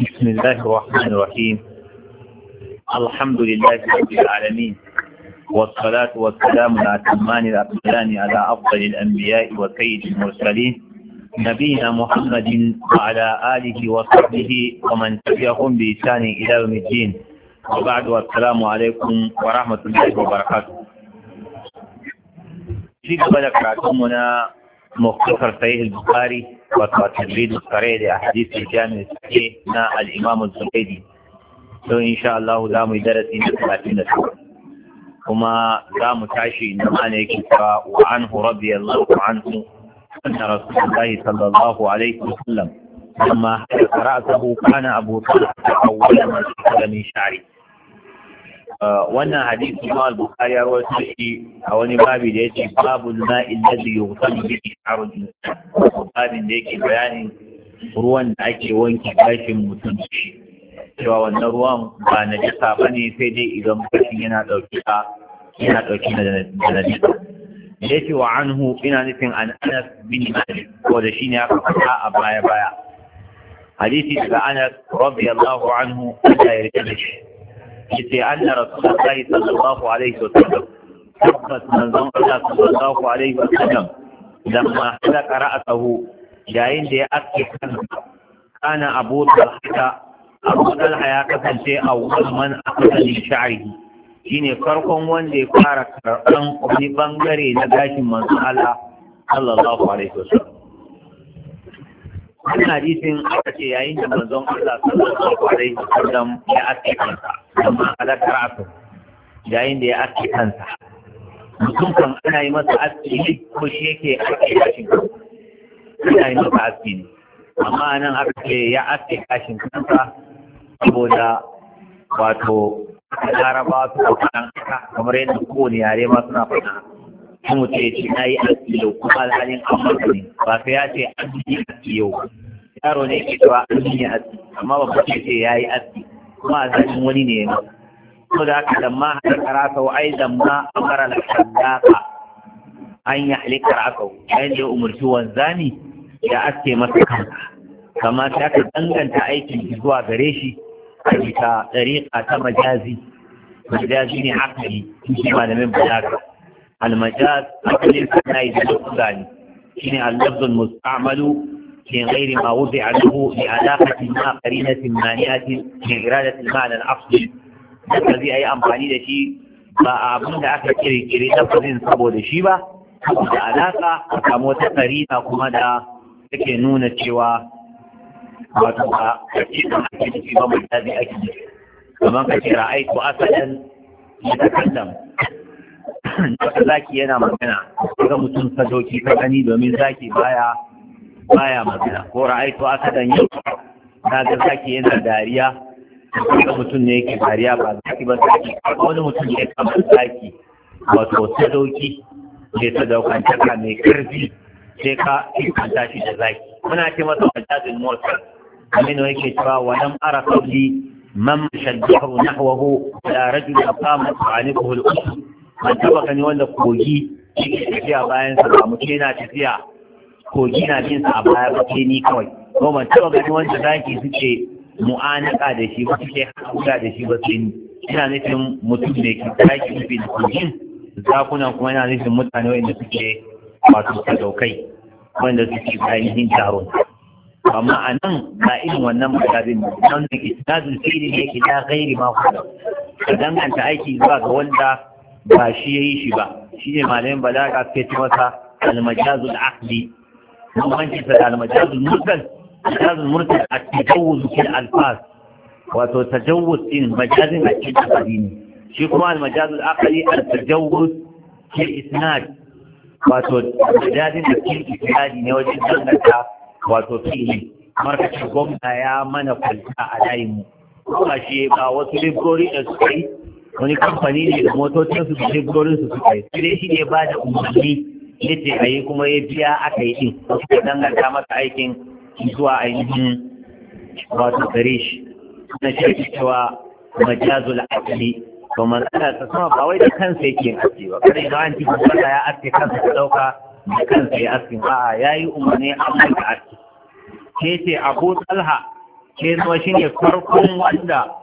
بسم الله الرحمن الرحيم الحمد لله رب العالمين والصلاة والسلام على تمان الأكملان على أفضل الأنبياء وسيد المرسلين نبينا محمد وعلى آله وصحبه ومن تبعهم بإحسان إلى يوم الدين وبعد والسلام عليكم ورحمة الله وبركاته في قبل كراتمنا مختصر صحيح البخاري wato tajrid al-qara'id a hadisi jami'i na al-imam az-zubaydi za mu yi darasi na 30 kuma za mu tashi ma ne yake cewa wa anhu radiyallahu anhu أن رسول الله صلى الله عليه وسلم لما حلق كان أبو طلحة أول من شعره wannan hadisi ma al-bukhari ya rawaito shi a wani babi da yake babul ma'i alladhi yughtalu bihi sharul insan babin da yake bayanin ruwan da ake wanke gashin mutum shi cewa wannan ruwan ba na ba bane sai dai idan mutum yana dauki da yana dauki da najisa yake wa anhu ina nufin an anas bin malik ko da shi ne aka faɗa a baya baya hadisi daga anas radiyallahu anhu Allah ya rike shi yace anna rasulullahi sallallahu alaihi wasallam tabbas manzon Allah sallallahu alaihi wasallam lamma halaka ra'sahu yayin da ya aske kan kana abu talha abu talha ya kasance a wurin man akasali sha'rihi shine farkon wanda ya fara karɓan wani bangare na gashin manzon Allah sallallahu alaihi wasallam Wani hadisin aka ce yayin da manzon Allah sallallahu alaihi wasallam ya aske kansa amma ala karatu yayin da ya aske kansa mutum kan ana yi masa aski ne ko shi yake aske kashin kansa ana yi masa aski ne amma nan aka ce ya aske kashin kansa saboda wato larabawa suka kamar yadda kowane yare ma suna faɗa. ta mutu ya ce na yi aski yau kuma alhalin an ne ba sai ya ce an yi aski yau yaro ne ke cewa an yi aski amma babba ke ce ya yi aski kuma a zafin wani ne ya maka ko da haka lamma halaka rasau ai lamma fara lafiyar sadaka an yi halaka rasau yayin da ya umarci wanzani ya aske masa kanka kama ta ka danganta aikin zuwa gare shi a bisa ɗariƙa ta majazi majazi ne haka ne shi malamin balaga المجاز أقل الثنائي بالأقدان شين اللفظ المستعمل من غير ما وضع له لعلاقة ما قرينة مانعة من إرادة المعنى الأصلي الذي أي أمفاني ده شيء فأبن ده أكل كري كري لفظ صبو ده شيء با da alaka samu wata karina kuma da take nuna cewa wato ba a cikin ake nufi ba mai tabi ake nufi kamar ka ce ra'aitu asalan ya takallam wata zaki yana magana ga mutum sadoki ta gani domin zaki baya baya magana ko ra'aito aka dan yi na ga zaki yana dariya ga mutum ne yake dariya ba zaki ba zaki wani mutum ne kama zaki wato sadoki ne sadaukantaka mai karfi sai ka ikanta shi da zaki muna ce masa majazin motar aminu yake cewa wa lam ara qabli man shaddahu nahwahu la rajul aqama 'alayhi al-usr man taba gani wanda kogi yake tafiya bayan sa ba muke na tafiya kogi na bin sa a baya ba ke ni kawai ko man taba gani wanda zaki suke mu'anaka da shi ba suke haɗa da shi ba sai ni ina nufin mutum ne ke zaki da kogin zakunan kuma yana nufin mutane wanda suke wato sadaukai wanda suke ainihin taron amma a nan ba irin wannan matakin nan da ke tsadun fili ne ke ta gairi ma kuma ka danganta aiki zuwa ga wanda ba shi ya yi shi ba shi ne malayin balaga ke ci masa almajazul ahli bambancin sa da almajazul mursal almajazul mursal a tajawuz fil alfaz wato tajawuz din majazin a cikin asali ne shi kuma almajazul aqli al tajawuz fil isnad wato majazin da fil isnad ne wajen danganta wato fili markacin gwamna ya mana kwalta a layin mu kuma shi ba wasu libgori da suka yi wani kamfani ne da motocin su je gurin su suka yi sai shi ne ba da umarni yace ayi kuma ya biya aka yi din suka danganta masa aikin zuwa ainihin wato gare shi na shi cewa majazul asli to manzala ta sama ba wai da kansa yake yin aski ba kare ga an cikin sallah ya aske kansa ta dauka da kansa ya aski a'a yayi umarni an manta aski ke ce abu talha ke zama shine farkon wanda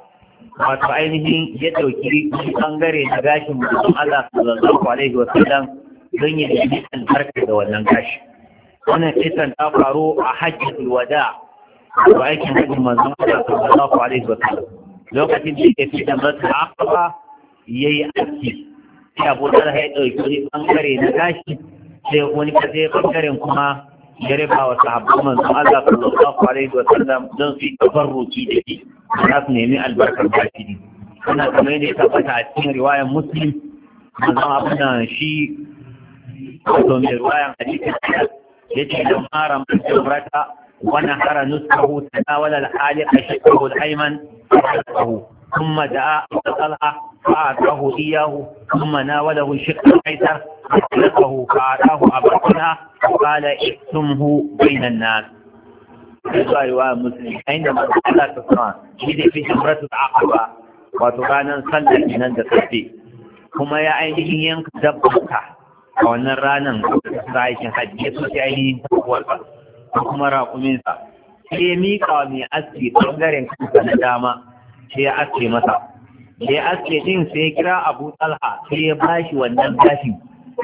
wato ainihin ya ɗauki ɓangare na gashin mutum Allah sallallahu alaihi wasallam don ya nemi farka da wannan gashi wannan kisan ta faru a hajji wada wa aikin hajjin manzon Allah sallallahu alaihi wasallam lokacin da ya fi dan zata akaba yayi aiki. sai bude da ya ɗauki wani ɓangare na gashi sai wani kaje ɓangaren kuma ya riba wa sahabban manzon Allah sallallahu alaihi wa sallam don su yi tabarruki da shi za su nemi albarkar ne. ana kamar yadda ya tabbata a cikin riwayar muslim manzon abin shi wato mai riwayar hadisin ya ce don haram murata. wani hara nuskahu tanawala alhali a shekaru al'aiman ثم دعا أبو طلحة فأعطاه إياه ثم ناوله الشيخ الأيسر فأطلقه فأعطاه أبطنها قال اقسمه بين الناس في رواية مسلم عندما صلى تسران إذا في جمرة العقبة وترانا صلى من عند تسبي كما يا عينه ينك دبك وأن الرانا رأيك حديث في عينه وقوة وكما رأوا منها sai ya miƙa mai aski ɓangaren kansa na dama sai ya da ya aske din sai ya kira abu talha sai ya bashi wannan gashin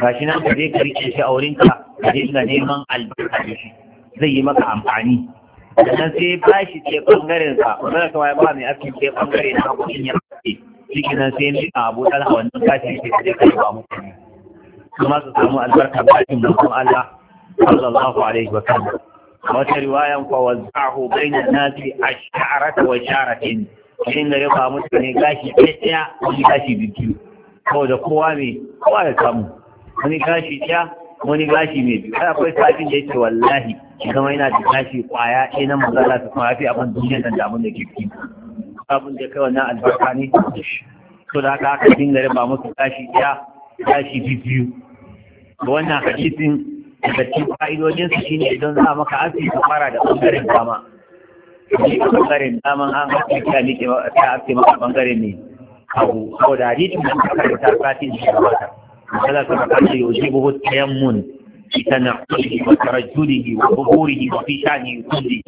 gashi nan ka je ka rike shi a wurinka ka je ka neman albarka da shi zai yi maka amfani sannan sai ya shi ce bangaren sa wannan kawai ya ba mai aski ce bangare na hakurin ya aske shi nan sai ya rika abu talha wannan gashin sai ka je ka yi ba mutane kuma su samu albarkar gashin mutum Allah sallallahu alaihi wa sallam wata riwayan fa wazza'ahu bainan nasi ash'arata wa sharatin yayin da raba mutane gashi ɗaya wani gashi biyu da kowa mai kowa ya samu wani gashi ɗaya wani gashi mai biyu Kai akwai sabin da yake wallahi kama yana da gashi kwaya ɗaya na mazala ta kuma fi abin duniya nan da abin da ke fi abin da kai wannan albarka ne to da haka aka dinga raba musu gashi ɗaya gashi biyu wannan hadisin daga cikin fa'idojinsu shine idan za maka asibiti fara da ɓangaren dama ni a bangaren daman an haɗe ta nike ta haɗe maka bangaren ne abu saboda hadisin da aka karanta satin da ya wata misali ka ka ce yujibu tayammun تنعقله وترجله وظهوره وفي شأنه كله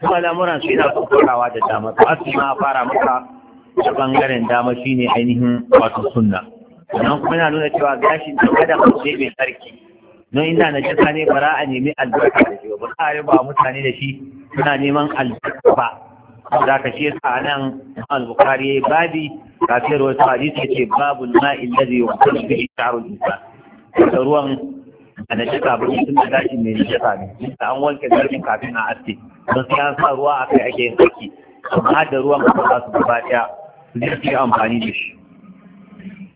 kuma lamuran su yana kokarawa da dama to asu ma fara maka da bangaren dama shine ainihin wato sunna sannan kuma yana nuna cewa gashin da kada ku je mai sarki don ina na jasa ne bara a nemi albarka da shi ba za a mutane da shi suna neman albarka ba da ka ce sa nan al-bukhari babi kafin wata hadisi ce babu na da zai yi kuma bi sharu isa da ruwan a na jasa ba sun da gashi mai na jasa ne da an wanke zarfin kafin a aske don sai an sa ruwa a kai ake yin sarki amma da ruwan ba su gaba ɗaya su yi amfani da shi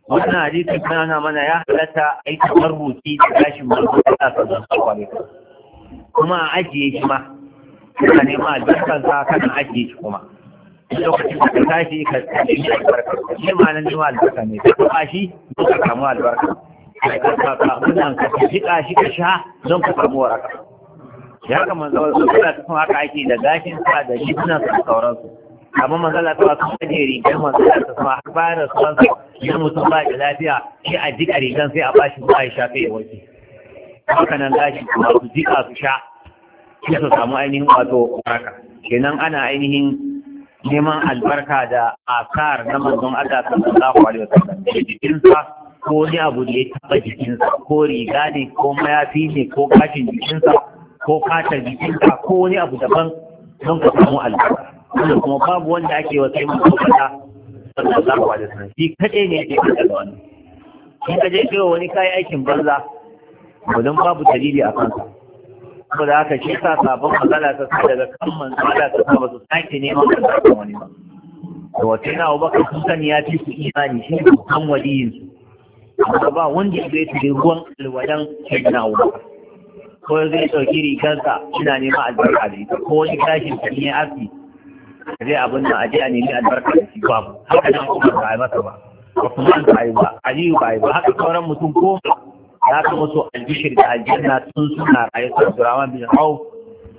wannan hadisin suna nuna mana ya halatta a yi kamar rubuci da gashin manzo Allah sallallahu kwale-kwale. kuma a ajiye shi ma kana nema albarkan sa kana ajiye shi kuma lokacin da ka tashi ka nemi albarka shi ma nan neman albarka ne ka tuka shi don ka samu albarka ka ka wannan ka jika shi ka sha don ka samu waraka ya kamar zawar su kula cikin haka ake da gashin sa da jikunan sa da sauransu amma manzala ta wasu ajiye rigar manzala ta sama har bayan rasuwan sa idan mutum ba da lafiya shi a jika rigar sai a bashi ba ya shafe ya warke haka nan lashi kuma su jika su sha shi su samu ainihin wato baraka kenan ana ainihin neman albarka da asar na manzon Allah sallallahu alaihi wasallam da jikinsa ko ni abu da ya taɓa jikinsa ko riga ne ko mayafi ne ko kashin jikinsa ko katar jikinsa ko wani abu daban don ka samu albarka wanda kuma babu wanda ake wa kai mutum fata sallallahu alaihi wasallam shi kaɗai ne yake fata da wani. in ka je kai wani kai aikin banza to babu dalili a kanka saboda haka shi sa sabon magana ta sa daga kan manzala ta sa ba su sake neman da wani ba da na uba ka sun sani ya fi su imani shi ne kan waliyin su amma ba wanda ya zai tuɗe ruwan alwadan shi na uba ko zai ɗauki rigarsa ina neman albarka da ita ko wani gashin ta ne aski je abin nan aje a nemi albarka da shi babu haka nan kuma ba a masa ba Kuma Usman ba yi ba Aliyu ba yi ba haka sauran mutum ko ya ka musu albishir da aljanna sun suna rayu su Abdurrahman bin Auf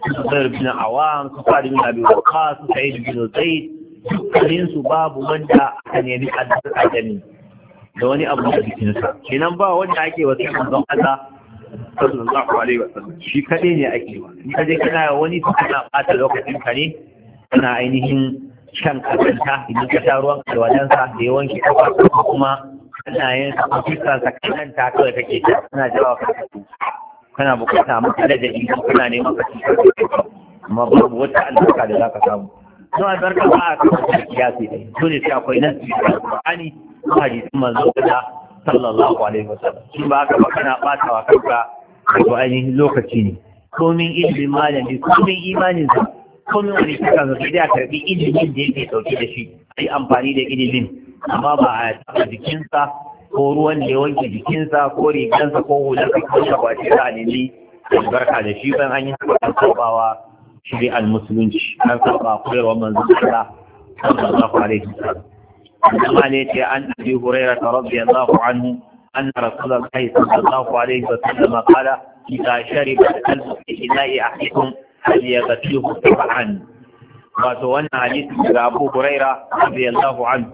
su Zubair bin Awam su Sa'id bin Abi Waqqas su Sa'id bin Zaid dukkanin su babu wanda aka nemi albarka da ni da wani abu da jikin sa kenan ba wanda ake wasu manzon Allah sallallahu alaihi wasallam shi kadai ne ake wa Ni ka je kana wani su kana bata lokacin ka ne yana ainihin shan kasanta idan ka sha ruwan alwadansa da ya wanke kafa kuma kana yin fuskar sa ta kawai kake ta kana jawa ka kana bukata maka da jadi kana neman ka ci amma babu wata albarka da zaka samu don albarka ba a kan kiyasi dai dole sai akwai nan Qur'ani ko manzo da sallallahu alaihi wasallam shi ba ka ba kana batawa kanka to ainihin lokaci ne komin ilimin malami komin imanin sa komin wani suka zafi da karbi ilimin da yake dauke da shi a yi amfani da ilimin amma ba a taɓa jikinsa ko ruwan da ya wanke jikinsa ko rigansa ko hulansa ko shabashi da alili albarka da shi ban an yi haka an sabawa shari'ar musulunci an saba koyarwa manzo Allah sallallahu alaihi wasallam kuma ne ce an abi hurairah radiyallahu anhu أن رسول الله صلى الله عليه وسلم قال إذا شرب الكلب في إناء أحدكم فليغسله طبعا wato wannan hadisi daga Abu Huraira radiyallahu anhu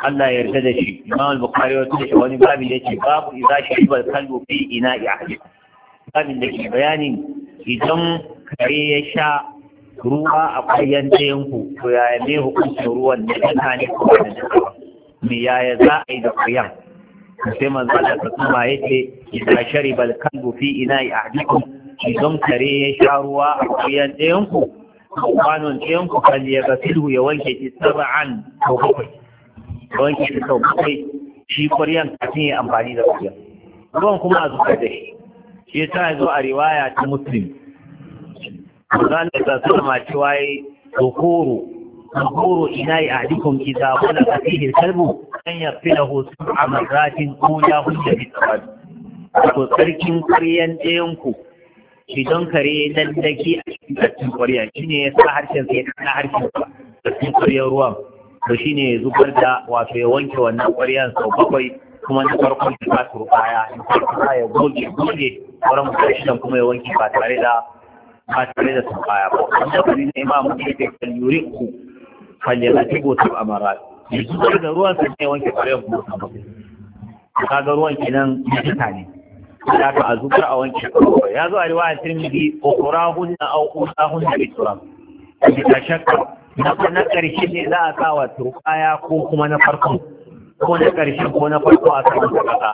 Allah ya yarda da shi Imam al-Bukhari wato shi wani babi da yake babu idza shariba kalbu fi ina'i ahli babin da ke bayanin idan kare ya sha ruwa a kwayan ɗayan ku to ya yi mai hukuncin ruwan da ya ne ko da me yaya za a yi da kwayan sai manzo Allah ta tsuma yace idza shariba kalbu fi ina'i ahlikum idan kare ya sha ruwa a kuyan ɗayan ku kwanon ɗayan kalli ya ga silhu ya wanke shi sab'an sau bakwai wanke shi sau shi kuryan kafin ya amfani da kuyan ruwan kuma a zuba da shi shi ya sa zo a riwaya ta muslim ku zan da tsasa da mace waye tokoro tokoro ina yi a dukkan kisa wani a fihir kalbu kan ya fi da hosu a mazafin ko ya hujja bisa ba ku tsarkin kuryan ɗayan idan kare dan daki a cikin cikin ƙwarya shine ya sa harshen sai na harshen sa da ƙwaryar ruwan to shine ya zubar da wato ya wanke wannan ƙwaryar sau bakwai kuma na farkon da ba turbaya in turbaya ya goge goge wurin mutashidan kuma ya wanke ba tare da ba tare da turbaya ba wanda bari ne ma mutum kai kan yuri ku falyalati go tu amara ya zubar da ruwan sai ya wanke ƙwaryar kuma ka ga ruwan kenan ya ne da ka azubar a wanke ya zo a riwaya tirmidhi ukurahun aw usahun bi turab da shakka na na karshe ne za a sa wa turqaya ko kuma na farko ko na karshe ko na farko a sa ta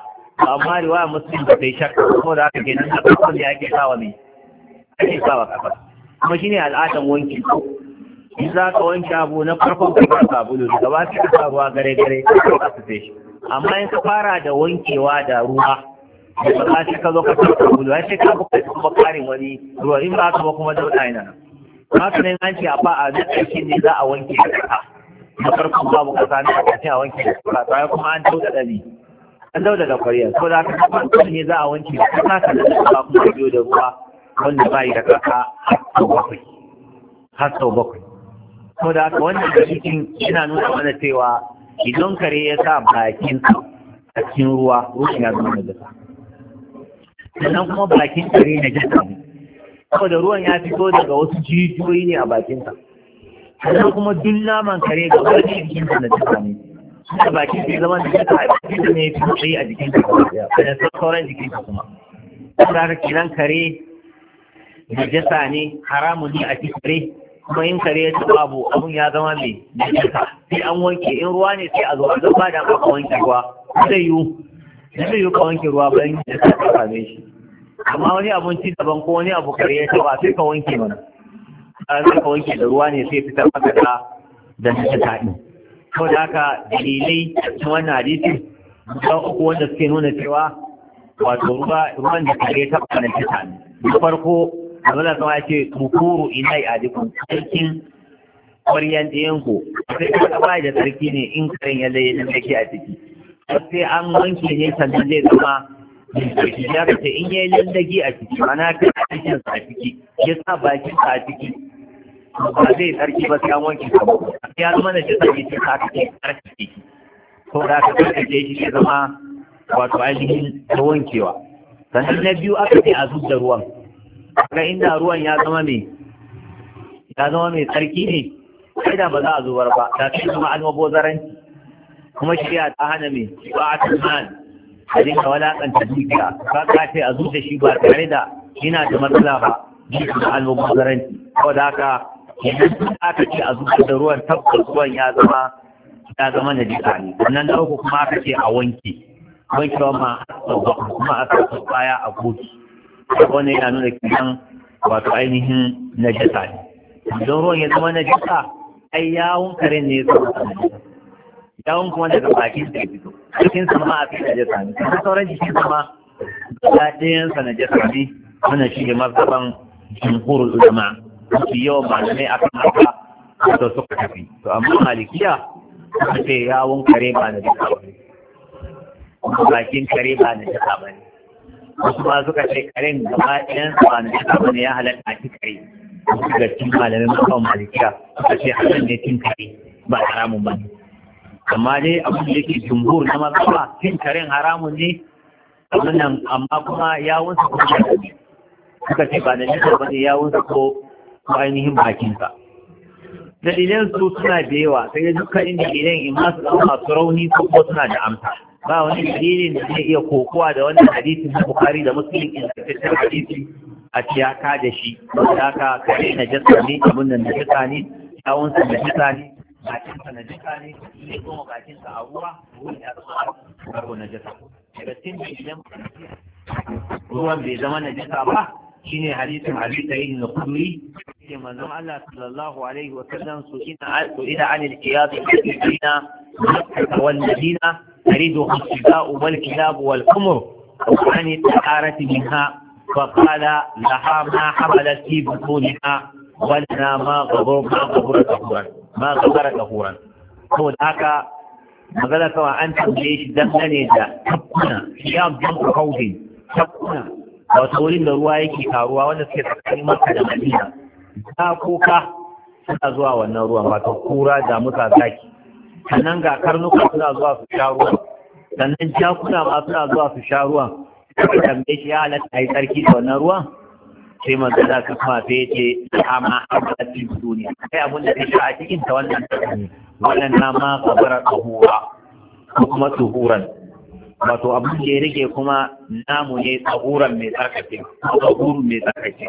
amma riwaya muslim da sai shakka ko da haka kenan na farko ne ake sa wa ne ake sa wa kafa kuma shine al'adan wanki in za ka wanke abu na farkon ka sabulu daga ba ka sa ruwa gare gare ka sa shi amma in ka fara da wankewa da ruwa ba za shi ka zo ka tafi kuma wani ruwa ka ba kuma a ba a na ƙarshe ne za a wanke da ƙasa babu ƙasa a wanke da kuma an da ƙwarya da ne za a wanke da ka da kuma da ruwa wanda ba yi da har sau bakwai da wannan yana nuna mana cewa idan kare ya sa bakin a cikin ruwa ruwa ya zama da ƙasa sannan kuma bakin kare na jasa ne saboda ruwan ya fito daga wasu jijiyoyi ne a bakinsa sannan kuma duk naman kare ga wani jikinsa na jasa ne suna bakin sai zama da jasa a jikinsa ne ya fi tsaye a jikinsa da sauran jikinsa kuma kare ne haramun ne a cikin kare kuma in kare ya taɓa abu abun ya zama mai najasa sai an wanke in ruwa ne sai a zo a ba da aka wanke ruwa sai yiwu da zai yi ka wanke ruwa bayan da ka same shi amma wani abinci daban ko wani abu kare ya taba sai ka wanke mana a sai ka wanke da ruwa ne sai fitar maka da da ta taɗi ko da haka dalilai ta wannan hadisi guda uku wanda suke nuna cewa wato ruwa ruwan da kare ta taba da ta taɗi na farko abin da sama ya ce mukuru ina yi adikun cikin kwaryan ɗayan ku sai ka ba da sarki ne in karen ya laye da ke a ciki har sai an wanke ne sannan zai zama sarki ya kace in yayi lallagi a ciki mana ka cikin sa ciki ya sa bakin sa ciki ba zai tsarki ba sai an wanke sa ba ya zama da shi sarki sai ta kace tsarki ciki ko da ka kace shi ya zama wato ainihin ta wankewa sannan na biyu aka ce a zub da ruwan ga inda ruwan ya zama mai ya zama mai tsarki ne sai da ba za a zubar ba da sai kuma an zaranci kuma shi ta hana mai ba a nan a dinka walakanta dukiya ka ce a zuce shi ba tare da yana da matsala ba bisa da almubazzaranci saboda haka da aka ce a zuce da ruwan tabbas ruwan ya zama ya zama na jika ne Wannan da uku kuma aka ce a wanke wa ma kuma a sa baya a gobe wannan yana nuna kiran wato ainihin jika ne idan ruwan ya zama na jika, ai yawon karen ne ya zama najasa yawon kuma daga bakin ya fito cikin sama a fi najasa ne kuma sauran jikin sama da ɗayan sa najasa ne wannan shi ne mazhaban jumhurul ulama mafi yawan malamai akan haka wato suka tafi to amma malikiya suka ce yawon kare ba najasa ba ne bakin kare ba najasa ba ne wasu ba suka ce karen gaba ɗayan sa ba najasa ba ne ya halatta a kare ga cin malamin mafi malikiya suka ce hakan ne cin kare ba haramun ba ne amma dai abin da yake jumhur na mazaba cin karen haramun ne wannan amma kuma yawun ya kuma suka ce ba da nisa ba ne ya wasu ko ainihin bakinsa dalilan su suna da yawa sai dukkan inda idan imma su zama su rauni ko suna da amsa ba wani dalilin da zai iya kokowa da wannan hadisi na bukari da muslim in tattattun hadisi a ciyaka da shi ba ta ka kare na jasa ne abin da na jasa ne yawun sa na jasa ne bakin na jika ne ne goma bakin a ruwa ruwan ya zama babu na jika daga cikin idan ruwan bai zama na jika ba shine hadisin abi sayyid na kuduri ke manzon Allah sallallahu alaihi wa sallam su ina su ina an al-qiyas al-dina wal madina taridu al wal kilab wal qamar عن الطهارة منها فقال لها ما حملت في بطونها ولنا ما غبر ما غبر ظهورها ma da horan saboda haka magana kawa an tambaye shi dangane da tabbuna ya jam'u kaudin tabbuna da wata wurin da ruwa yake taruwa wanda suke tsakanin maka da madina ta koka suna zuwa wannan ruwan wato kura da musa zaki sannan ga karnuka suna zuwa su sha ruwan sannan jakuna ma suna zuwa su sha ruwan ka tambaye shi ya halatta a yi tsarki da wannan ruwan sai magana ka kuma fafe ce a abadin duniya kai abin da shi a cikin ta wannan wannan na ma kabara tsohuwa ko kuma tsohuran wato abin da ya rike kuma namu ne tsohuran mai tsarkake tsohuru mai tsarkake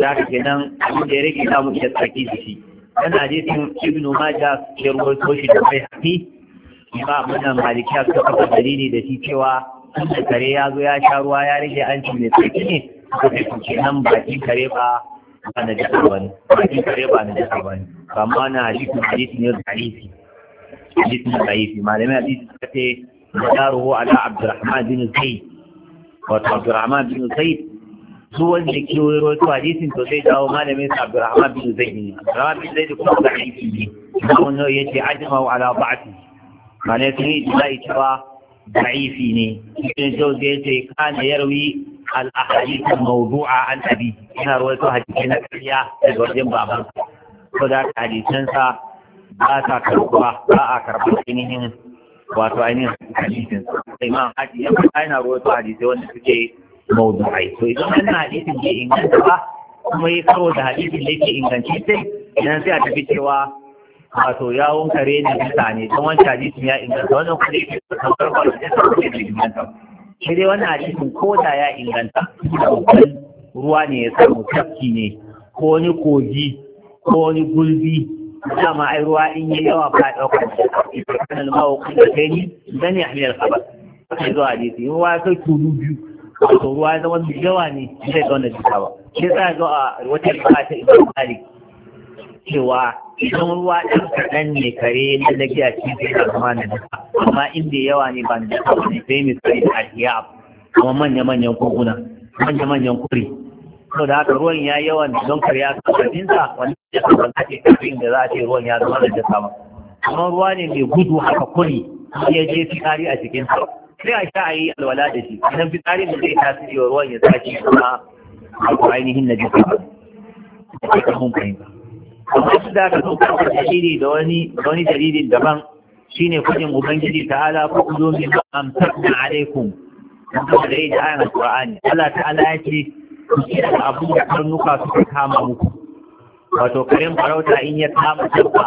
da haka kenan abin da ya rike namu iya tsarki da shi kana je tun ibnu maja ya ruwaito shi da bai hafi ba mana malikiya suka kafa dalili da shi cewa tun da kare ya zo ya sha ruwa ya rage an ci mai tsarki ne kenan bakin kare ba ba na jasa ba ne bakin kare ba na jasa ba ne ba ma na hadisi hadisi ne da hadisi hadisi ne da hadisi malamai hadisi suka ce madaruhu ala abdurrahman bin zaid wato abdurrahman bin zaid su wanda ke wero to hadisin to sai dawo malamin sa abdurrahman bin zaid ne abdurrahman bin zaid kuma da hadisi ne kuma ne yace ajma'u ala ba'ati malamai sun yi cewa da'ifi ne ibn jawzi yace kana yarwi al-ahadith mawdu'a an abi ina rawaito hadisi na kariya da wajen baban ko da hadisan sa ba ta karbuwa ba a karbar ainihin wato ainihin hadisin sai ma hadisi ya fara ina rawaito hadisi wanda suke mawdu'ai to idan wannan hadisin bai inganta ba kuma ya karo da hadisin da yake inganci sai idan sai a tafi cewa wato yawon kare ne bisa ne don wancan hadisin ya inganta wannan kuma yake da kamar ba da ya samu ne da inganta sai dai wannan hadisin ko da ya inganta ruwa ne ya samu tafki ne ko wani kogi ko wani gulbi dama ai ruwa in yi yawa ba ɗaukar da kanan mawa kuma kai ni zan yi hamiyar a sai zuwa yi ruwa sai kudu biyu wato ruwa ya zama mai yawa ne zai ga jikawa. jika ba sai za a zo a wata ta ibn malik cewa idan ruwa ɗan kaɗan ne kare na lafiya shi zai da zama na dafa amma inda yawa ne ba da kuma ne sai misali da alhiyab kuma manya-manyan kuguna manya-manyan kuri sau da haka ruwan ya yawan don kare ya kasafinsa wani ya kasanta ke kafin da za a ce ruwan ya zama da jika ba Kuma ruwa ne mai gudu haka kuri ya je fitari a cikin sa sai a sha a yi alwala da shi idan fitari da zai tasiri wa ruwan ya sace kuma ainihin na jika ba. amma su da aka saukar da shiri da wani dalilin daban shine kudin ubangiji ala ko ku zo min da alaikum kuma da da ayan qur'ani Allah ta'ala ya ce ku ce da abu da karnuka suka kama muku wato karin farauta in ya kama dabba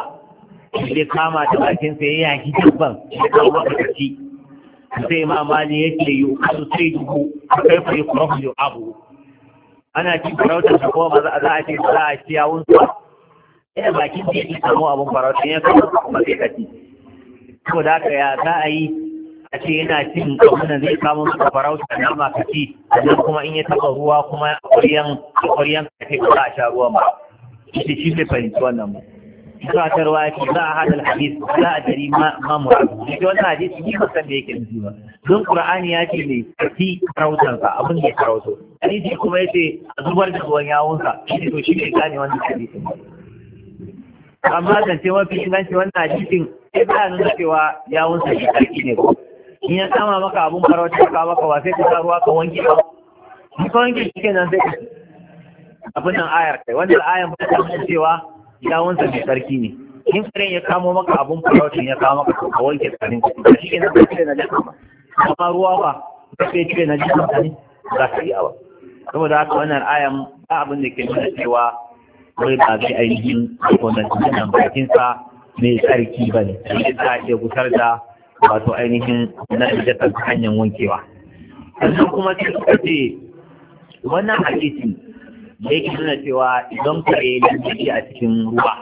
zai kama ta bakin sa ya yaki dabban ya kawo ka kaci sai ma mali ce yi ukasu sai dubu kai fa yi yi abu ana cin farautar da kuma za a ce za a ci sa yana bakin da ya samu abin farauta ya kama kuma zai ka ko da ka ya za a yi a ce yana cin abunan zai kama maka farauta na ma ka ci sannan kuma in ya taɓa ruwa kuma ƙwaryan ƙwaryan ka ce ba a sha ruwa ba ita shi zai fahimci wannan ba ita ta ruwa ce za a hadal hadis za a jari ma muradu ita wannan hadis ni ba san da yake nufi ba don qur'ani ya ce ne ci farautar ka abin da ya farauto hadisi kuma ya ce a zubar da ruwan yawunsa shi ne to shi ne gane wannan hadisin amma zance mafi inganci wannan hadisin sai ba nuna cewa ya wunsa shi sarki ne ko in ya sama maka abun farauta ka maka ba sai ka sa ruwa ka wanke ba in ka wanke shi kenan sai abin nan ayar kai wannan ayar ba ta nuna cewa ya wunsa shi sarki ne in karen ya kamo maka abun farauta ya kama maka ka wanke tsarin ka shi kenan sai ka na jaka amma ruwa ba ka sai cire na jaka ne ba ka yi ba saboda haka wannan ayan ba abin da ke nuna cewa wai ba zai ainihin gwamnati nan bakinsa mai tsarki ba ne domin za ke iya gusar da wato ainihin na najasar ta hanyar wankewa sannan kuma sai suka ce wannan hadisi da yake nuna cewa idan kare lantarki a cikin ruwa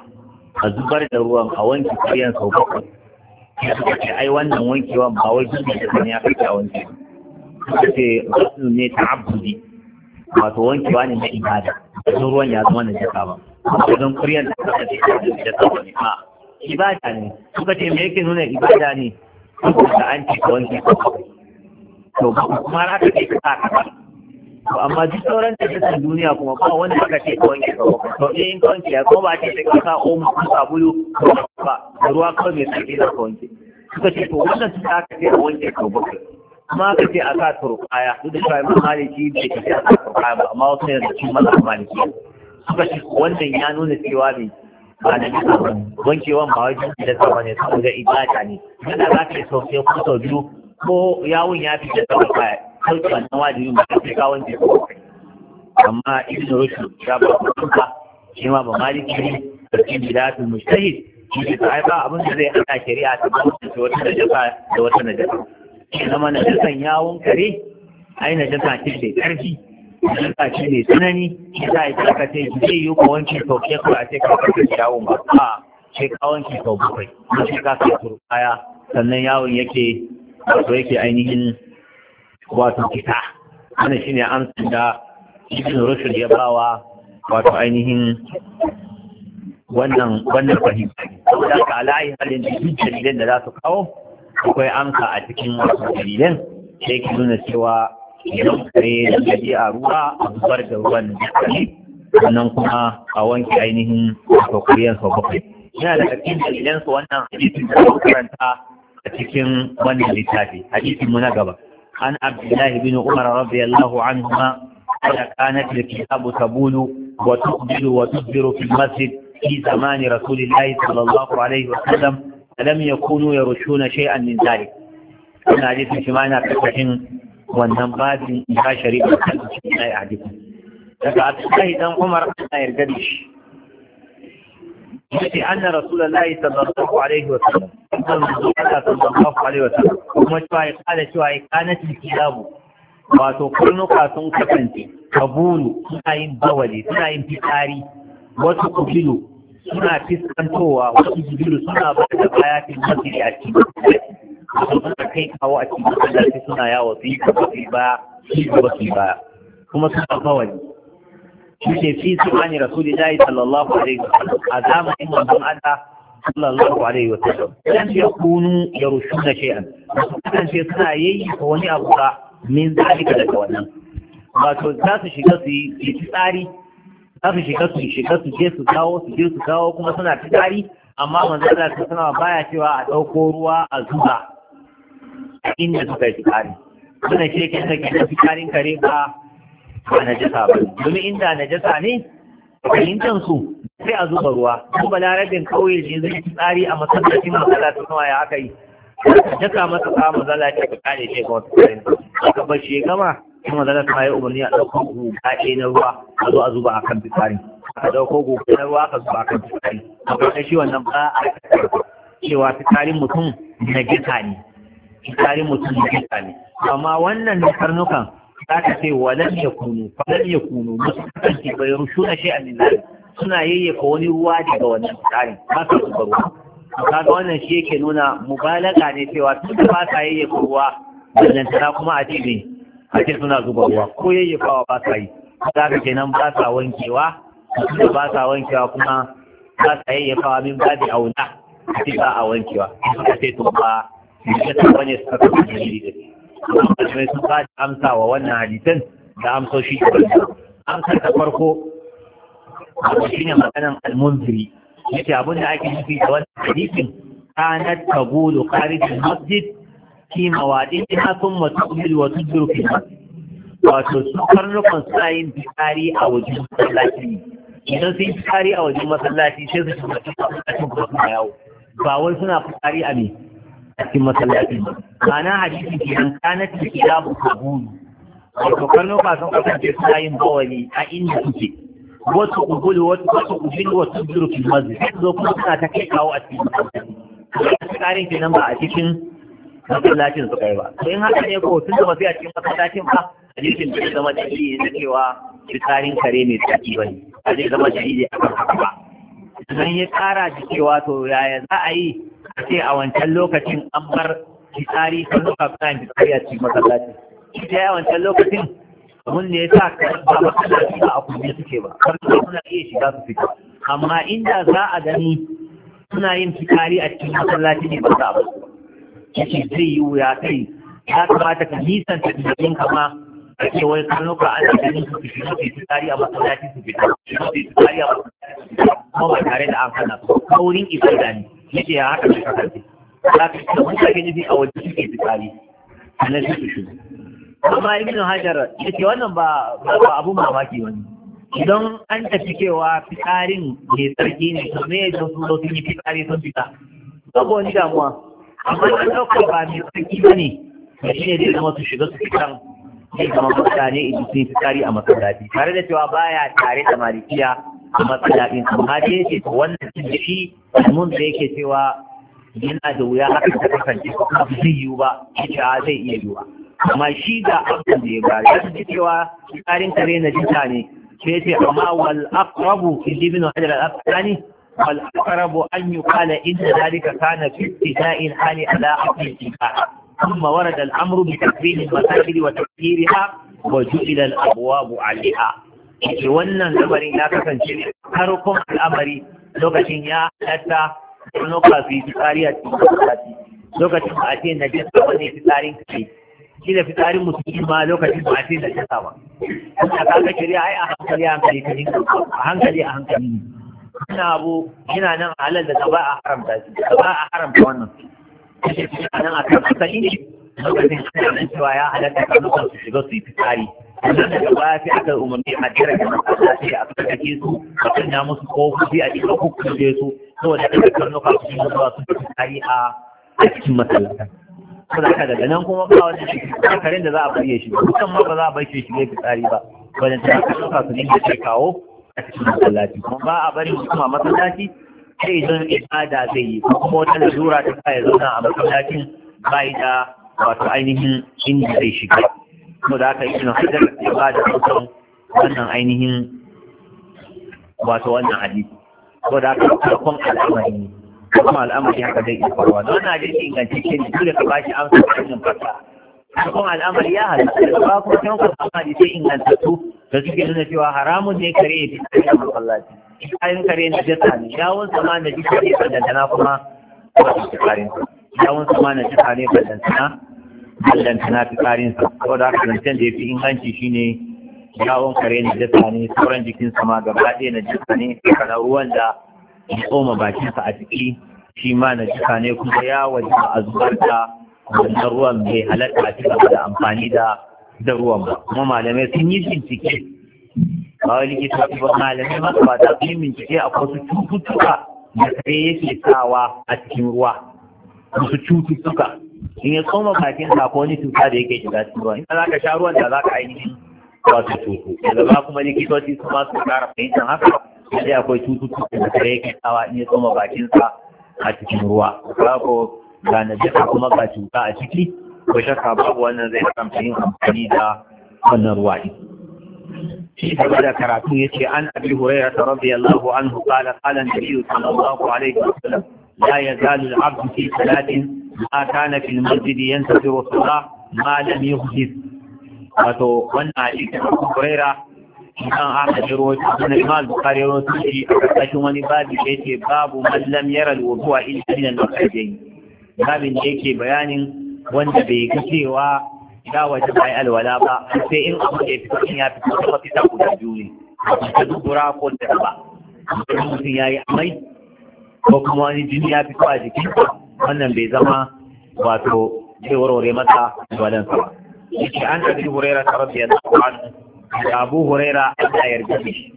a zubar da ruwan a wanke karyan sau bakwai ya suka ce ai wannan wankewan ba wai duk da ya kai a wanke suka ce rasu ne ta ne. wato ba ne na ibada don ruwan ya zama na jaka ba don kuryan da suka ce da jaka ba ne a ibada ne suka ce me yake nuna ibada ne suka da an ce wanke to kuma za ka ce ka ka to amma duk sauran suke duniya kuma ba wanda aka ce ka wanke ka to eh, in ka wanke ya kuma ba ce sai ka sa omo ko sabulu ba ruwa kawai mai tsarki da ka wanke suka ce to wannan suka ta ka ce ka wanke ka amma ka ce a sa turkaya duk da cewa imam maliki bai kace a sa turkaya ba amma wasu yanzu cikin mazhab maliki suka ce wannan ya nuna cewa bai ba da nisa ba wankewan ba wajen da sama ne saboda ibada ne kada za ka yi sau sai kuma sau biyu ko yawon ya fi da sama ba sauki wannan wajen ba sai ka wanke ko amma ibn rushd ya ba kuka shi ma ba maliki ne da kibilatul mujtahid shi ta ba abin da zai hada shari'a ta bambanta wata najasa da wata najasa ya zama na jasan yawon kare ai na jasa ce mai ƙarfi jasa ce da tsanani ya sa ya taka ta yi zai yi ka wanke sau ke kuma a ce ka karfe yawon ba a ce kawanci wanke sau bakwai a sai ka sa kaya sannan yawon yake wato yake ainihin wato fita wannan shine amsar da ibn rushd ya bawa wato ainihin wannan wannan fahimta saboda ka alayi halin da duk dalilan da za su kawo akwai amsa a cikin wasu dalilan sai ki nuna cewa idan kare da gaji a ruwa a zubar da ruwan da kare sannan kuma a wanke ainihin wato sau bakwai yana da cikin dalilan su wannan hadisin da aka karanta a cikin wannan littafi hadisin mu na gaba an abdullahi bin umar radiyallahu anhuma قال كانت Abu Sabulu, وتقبل وتدبر في المسجد في زمان رسول الله صلى الله wa وسلم alam yakunu yarushuna shay'an min zalik wannan hadisin shi ma yana karkashin wannan babin ya shari'a kan cikin ayi hadisin daga abdullahi dan umar ana yarda da shi yace anna rasulullahi sallallahu alaihi wa sallam Allah sallallahu alaihi wa sallam kuma cewa ya kada cewa ya kana kitabu wato kurnuka sun kasance kabulu suna yin bawali suna yin fitsari wasu kubilu suna fiskantowa wasu jibiru suna ba da baya cikin masiri a cikin suna kai kawo a cikin masallaci suna yawo su yi gaba su yi baya su yi gaba su yi baya kuma suna kawai shi ne fi zamani rasulillahi sallallahu alaihi wasallam a zamanin manzon Allah sallallahu alaihi wasallam dan ya kunu ya rushuna shay'an kan ce suna yayi wani abu ba min zalika daga wannan wato za su shiga su yi tsari za su shiga su shiga su je su kawo su je su kawo kuma suna ta tari amma manzo Allah ta sana baya cewa a ɗauko ruwa a zuba inda suka yi tsari wannan shi yake sake da fitarin kare ba ba na jasa ba domin inda na jasa ne fahimtar su sai a zuba ruwa ko balarabin kauye ne zai tsari a masallacin masala ta nawa ya aka yi jaka masa kama zala ce ka kare ce ga wata kare ka bar shi gama kuma zana ta yi umarni a ɗaukar guga ɗaya na ruwa a zo a zuba a kan fitsari aka ɗauko guga na ruwa aka zuba a kan fitsari a ƙarƙa shi wannan ba a cewa fitsarin mutum na gita ne fitsarin mutum na gita ne amma wannan na karnukan za ta ce nan ya kunu falan ya kunu musu kasance bai rushu na shi a lillahi suna yayyafa wani ruwa daga wannan fitsarin ba su zuba ruwa ga wannan shi yake nuna mubalaga ne cewa tun da ba sa yayyafa ruwa ballantana kuma a ce ne ake suna zuba ruwa ko yayyafawa ba sa yi za ka kenan ba sa wankewa da ba sa wankewa kuma ba sa yayyafawa min ba da auna a ce ba a wankewa suka ce to ba da ta suka kafa dalili da su mai sun ba da amsa wa wannan hadisin da shi da wani amsar ta farko abu shi ne maganan almunziri yake abin da ake nufi da wannan hadisin kanat kabulu kharijul masjid fi mawaɗiha thumma tuqbil wa zurfi ba wato su karnukan suna yin fitari a wajen masallaci idan sun yi fitsari a wajen masallaci sai su shi masallacin kuma suna yawo ba wai suna fitari a me a cikin masallaci ba ma'ana hadisi ke nan kana ya buka kabulu wato karnuka sun kasance suna yin bawali a inda suke wasu kubulu wasu wasu kubulu wasu zurfi fi mazi zo kuma suna ta kai kawo a cikin masallaci ke nan ba a cikin masallacin suka yi ba to in haka ne ko tun da mafi a cikin masallacin ba A jirgin da zama dalili na cewa fitarin kare ne tsaki ba ne a zai zama ne a kan haka ba idan yi kara da cewa to yaya za a yi a ce a wancan lokacin an bar fitari sun zuka kan fitari a cikin masallacin. shi ta wancan lokacin abun da ya sa ba masallaci ba a kunne suke ba har suna iya shiga su fita amma inda za a gani suna yin fitari a cikin masallaci ne ba za a ba yake zai yi wuya kai ya kamata ka nisan ta jirgin kama a ce wai karnuka an da ganin su fito su tsari a masallaci su fita su yi tsari a masallaci kuma tare da an hana su kaurin isar da ni yake ya haka shi kasance za ka ce mun sake nufi a wajen suke tsari a nan su fito amma ibn hajar ke wannan ba ba abu mamaki wani idan an tafi cewa fitarin mai tsarki ne to me ya zo sun yi fitari sun fita babu wani damuwa amma an ɗauka ba mai tsaki ba ne da shi ne zai zama su shiga su fitan zai zama mutane idan sun fi tsari a masallaci tare da cewa baya tare da malikiya a masallacin amma dai ce wannan cin da shi mun da yake cewa yana da wuya haka ta kasance kuma zai yiwu ba shi a zai iya yiwuwa amma shi da abin da ya ba ya ji cewa tsarin kare na jinta ne sai ce amma wal aqrabu ibn hajar al-asqalani والأقرب أن يقال إن ذلك كان في ابتداء الحال على أصل الإباحة ثم ورد الأمر بتكفير المساجد وتكفيرها وجعل الأبواب عليها إذا ولنا الأمر لا تفنشر حركم الأمر لغة يا أتى نقى في تقارية lokacin ba a ce na jinsa ba ne fitsarin kai shi da fitsarin musulmi ma lokacin ba a ce na jinsa ba. Kuma ka ga shari'a ai a hankali a hankali a hankali a hankali wannan abu yana nan a halal da ba a haramta shi da ba a haramta wannan shi yana nan a kan asali ne lokacin suna nan cewa ya halatta karnukan su shiga su yi fitsari sannan daga baya sai aka umarni a jira da sai a tsarkake su a kan sanya musu sai a cikin hukunce su saboda daga karnuka su yi zuwa su fitsari a a cikin masallatan kuma haka daga nan kuma ba wani shekarun da za a bayyana shi ba kusan ba za a bayyana shi ne fitsari ba wajen tana karnuka su dinga kai kawo a cikin masallaci kuma ba a bari mutum a masallaci sai idan ibada zai yi ko kuma wata lalura ta ya zauna a masallacin bai da wato ainihin inda zai shiga kuma da aka yi na hajjar ibada kusan wannan ainihin wato wannan hadisi ko da aka farkon al'amari kuma al'amari haka zai iya faruwa don wannan hadisi ingantacce ne dole ka bashi amsa a cikin fasa farkon al'amari ya halatta da ba kuma kan kuma sai ingantattu da suke nuna cewa haramun ne kare ya fita da masallaci kayan kare na jasa ne yawon sama na jika ne dantana kuma ba su fitarin yawon sama na jika ne dantana fi fitarin sa saboda haka zancen da ya fi inganci ne yawon kare na jasa ne sauran jikin sama gaba ɗaya na jika ne kana ruwan da ya tsoma bakinsa a ciki shi ma na jika ne kuma yawon a zubar da wannan ruwan mai halatta a cikin da amfani da da ruwan ba kuma malamai sun yi bincike ba wai likitoci ba malamai masu ba ta sun yi bincike a wasu cututtuka da kare yake sawa a cikin ruwa wasu cututtuka in ya tsoma bakin sa ko wani cuta da yake shiga cikin ruwa in za ka sha ruwan da za ka ainihin wasu cutu daga ba kuma likitoci su ma su kara fahimtar haka sai akwai cututtuka da kare yake sawa in ya tsoma bakin sa a cikin ruwa. ko ga na kuma ga cuta a ciki ko shakka babu wannan zai haramta yin amfani da wannan ruwa din shi gaba da karatu ya ce an abi hurairah radiyallahu anhu qala qala an-nabiy sallallahu alaihi wasallam لا يزال العبد في صلاة ما كان في المسجد ينتظر الصلاة ما لم يحدث wato wannan hadisi ta kurera idan aka jiro sunan Imam Bukhari ya rawaito shi a karkashin wani babu da yake babu man lam yara al-wudu'a illa min al-masajid babin da yake bayanin wanda bai ga cewa ya waje bai alwala ba sai in abu da ya fito in ya fito ta mafita guda biyu ne ta dubura ko ta ba idan mutum ya yi amai ko kuma wani jini ya fito a jikin wannan bai zama wato zai warware masa alwalan sa ba yake an tabi hurera ta rabbi yadda da abu hurera Allah ya yarda shi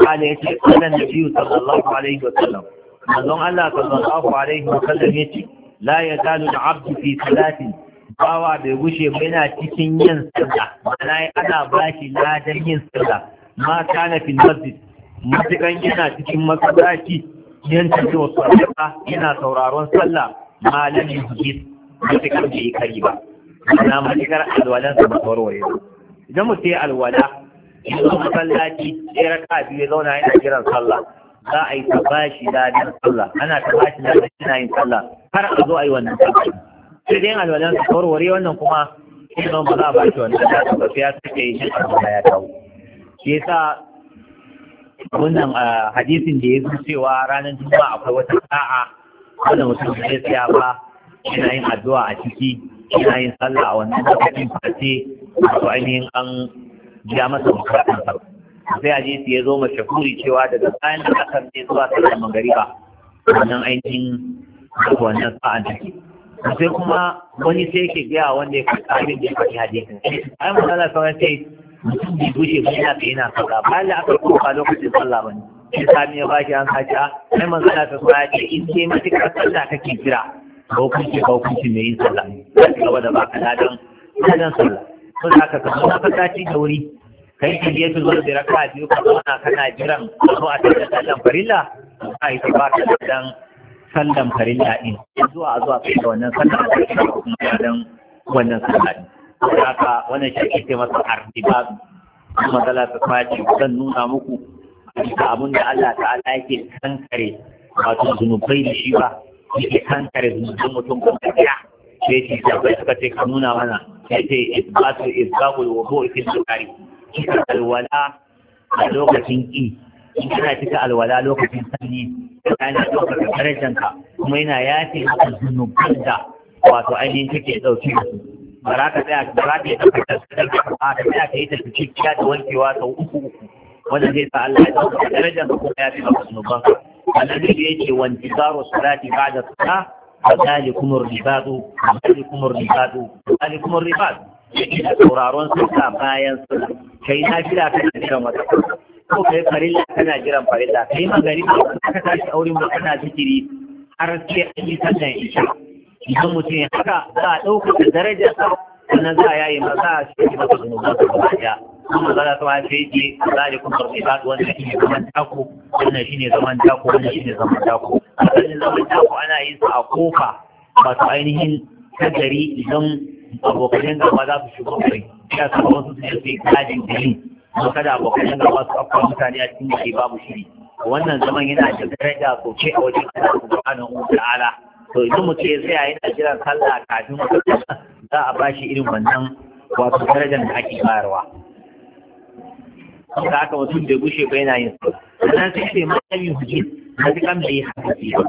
قال يتي قال النبي صلى الله عليه وسلم manzon Allah sallallahu alaihi wa sallam yace la ya zalu abdu fi talatin, bawa bai gushe ba yana cikin yin sallah ma'ana ana bashi ladan yin sallah ma na fil masjid matukan yana cikin masallaci yan tafi wa sallah yana sauraron sallah ma lam yujid matukan bai kari ba ana matukar alwalan sa masaurore idan mu sai alwala idan masallaci ya raka biyu zauna yana kiran sallah za a yi ta shi ladan sallah ana ta shi ladan yana yin sallah har a zo a yi wannan sallah sai dai alwalan sa warware wannan kuma shi ba za a bashi wannan ladan ba sai ya sake yi shi kuma ya dawo shi yasa wannan hadisin da ya zo cewa ranar juma'a akwai wata sa'a wanda mutum ya tsaya ba yana yin addu'a a ciki yana yin sallah a wannan lokacin face wato ainihin an ya masa bukatar sallah sai su ya zo mashahuri cewa daga bayan da aka ne zuwa sallar magariba wannan ainihin wannan sa'an take sai kuma wani sai yake gaya wanda ya faɗi abin da ya faɗi hadisin ai mun Allah kawai sai mutum bai bushe ba yana tsaye yana sallah bayan da aka ba lokacin sallah ba ne sai sami ya bashi an sace a ah, sai mun Allah ta kuma ya ce in sai matuƙar sallah kake jira ka hukunci ka hukunci mai yin sallah ne za ka gaba da baka ladan ladan sallah sun aka kama masallaci da wuri kai ka je su zo da raka biyu ka zauna kana jiran zo a cikin sallan farilla a yi ta ba ka dan sallan farilla din zuwa a zuwa kai da wannan sallan da ko kuma dan wannan sallan haka wannan shi ce masa artibab kuma dala ta kwaci zan nuna muku da abin da Allah ta'ala yake kankare wato zunubai da shi ba yake kankare zunubin mutum ko kafiya sai ya da suka ce ka nuna mana sai ce isbatu isbabul wudu'i fil bukhari cika alwala a lokacin ƙi in kana cika alwala lokacin sanyi yana ɗaukaka darajanka kuma yana yafe maka zunuban da wato ainihin kake ɗauki da su ba za ka tsaya ba za ka yi ɗaukaka da ba ka tsaya ka yi tafiya da wankewa sau uku uku wanda zai sa Allah ya ɗaukaka darajanka kuma ya fi maka zunuban ka annabi ya ce wanti zaro salati ba'da sala fa zalikumur ribadu zalikumur ribadu zalikumur ribadu yake da sauraron sunna bayan sunna kai na jira kana jiran wata ko kai farilla tana jiran farilla kai magari ka tashi auren mu kana zikiri har sai an yi sannan isha idan mutum ya haka za a ɗaukaka darajarsa sannan za a yayi ma za a shi masa zunuban su gaba ɗaya kuma za a tsawa ce ce za a kuma karɓi ba wannan shi ne zaman tako wannan shi ne zaman tako wannan shi ne zaman A sannan zaman tako ana yin sa a kofa wato ainihin kadari idan abokanin gaba za su shigo kai ya san wasu su tafi kajin gari kuma kada abokanin gaba su afka mutane a cikin ke babu shiri wannan zaman yana da daraja soke a wajen Allah subhanahu wa ta'ala to idan mutum ya tsaya yana jiran sallah kafin za a bashi irin wannan wato darajar da ake bayarwa kuma haka mutum da gushe ba yana yin sallah sannan sai sai ma yin hujji na ji kan bai yi hadisi ba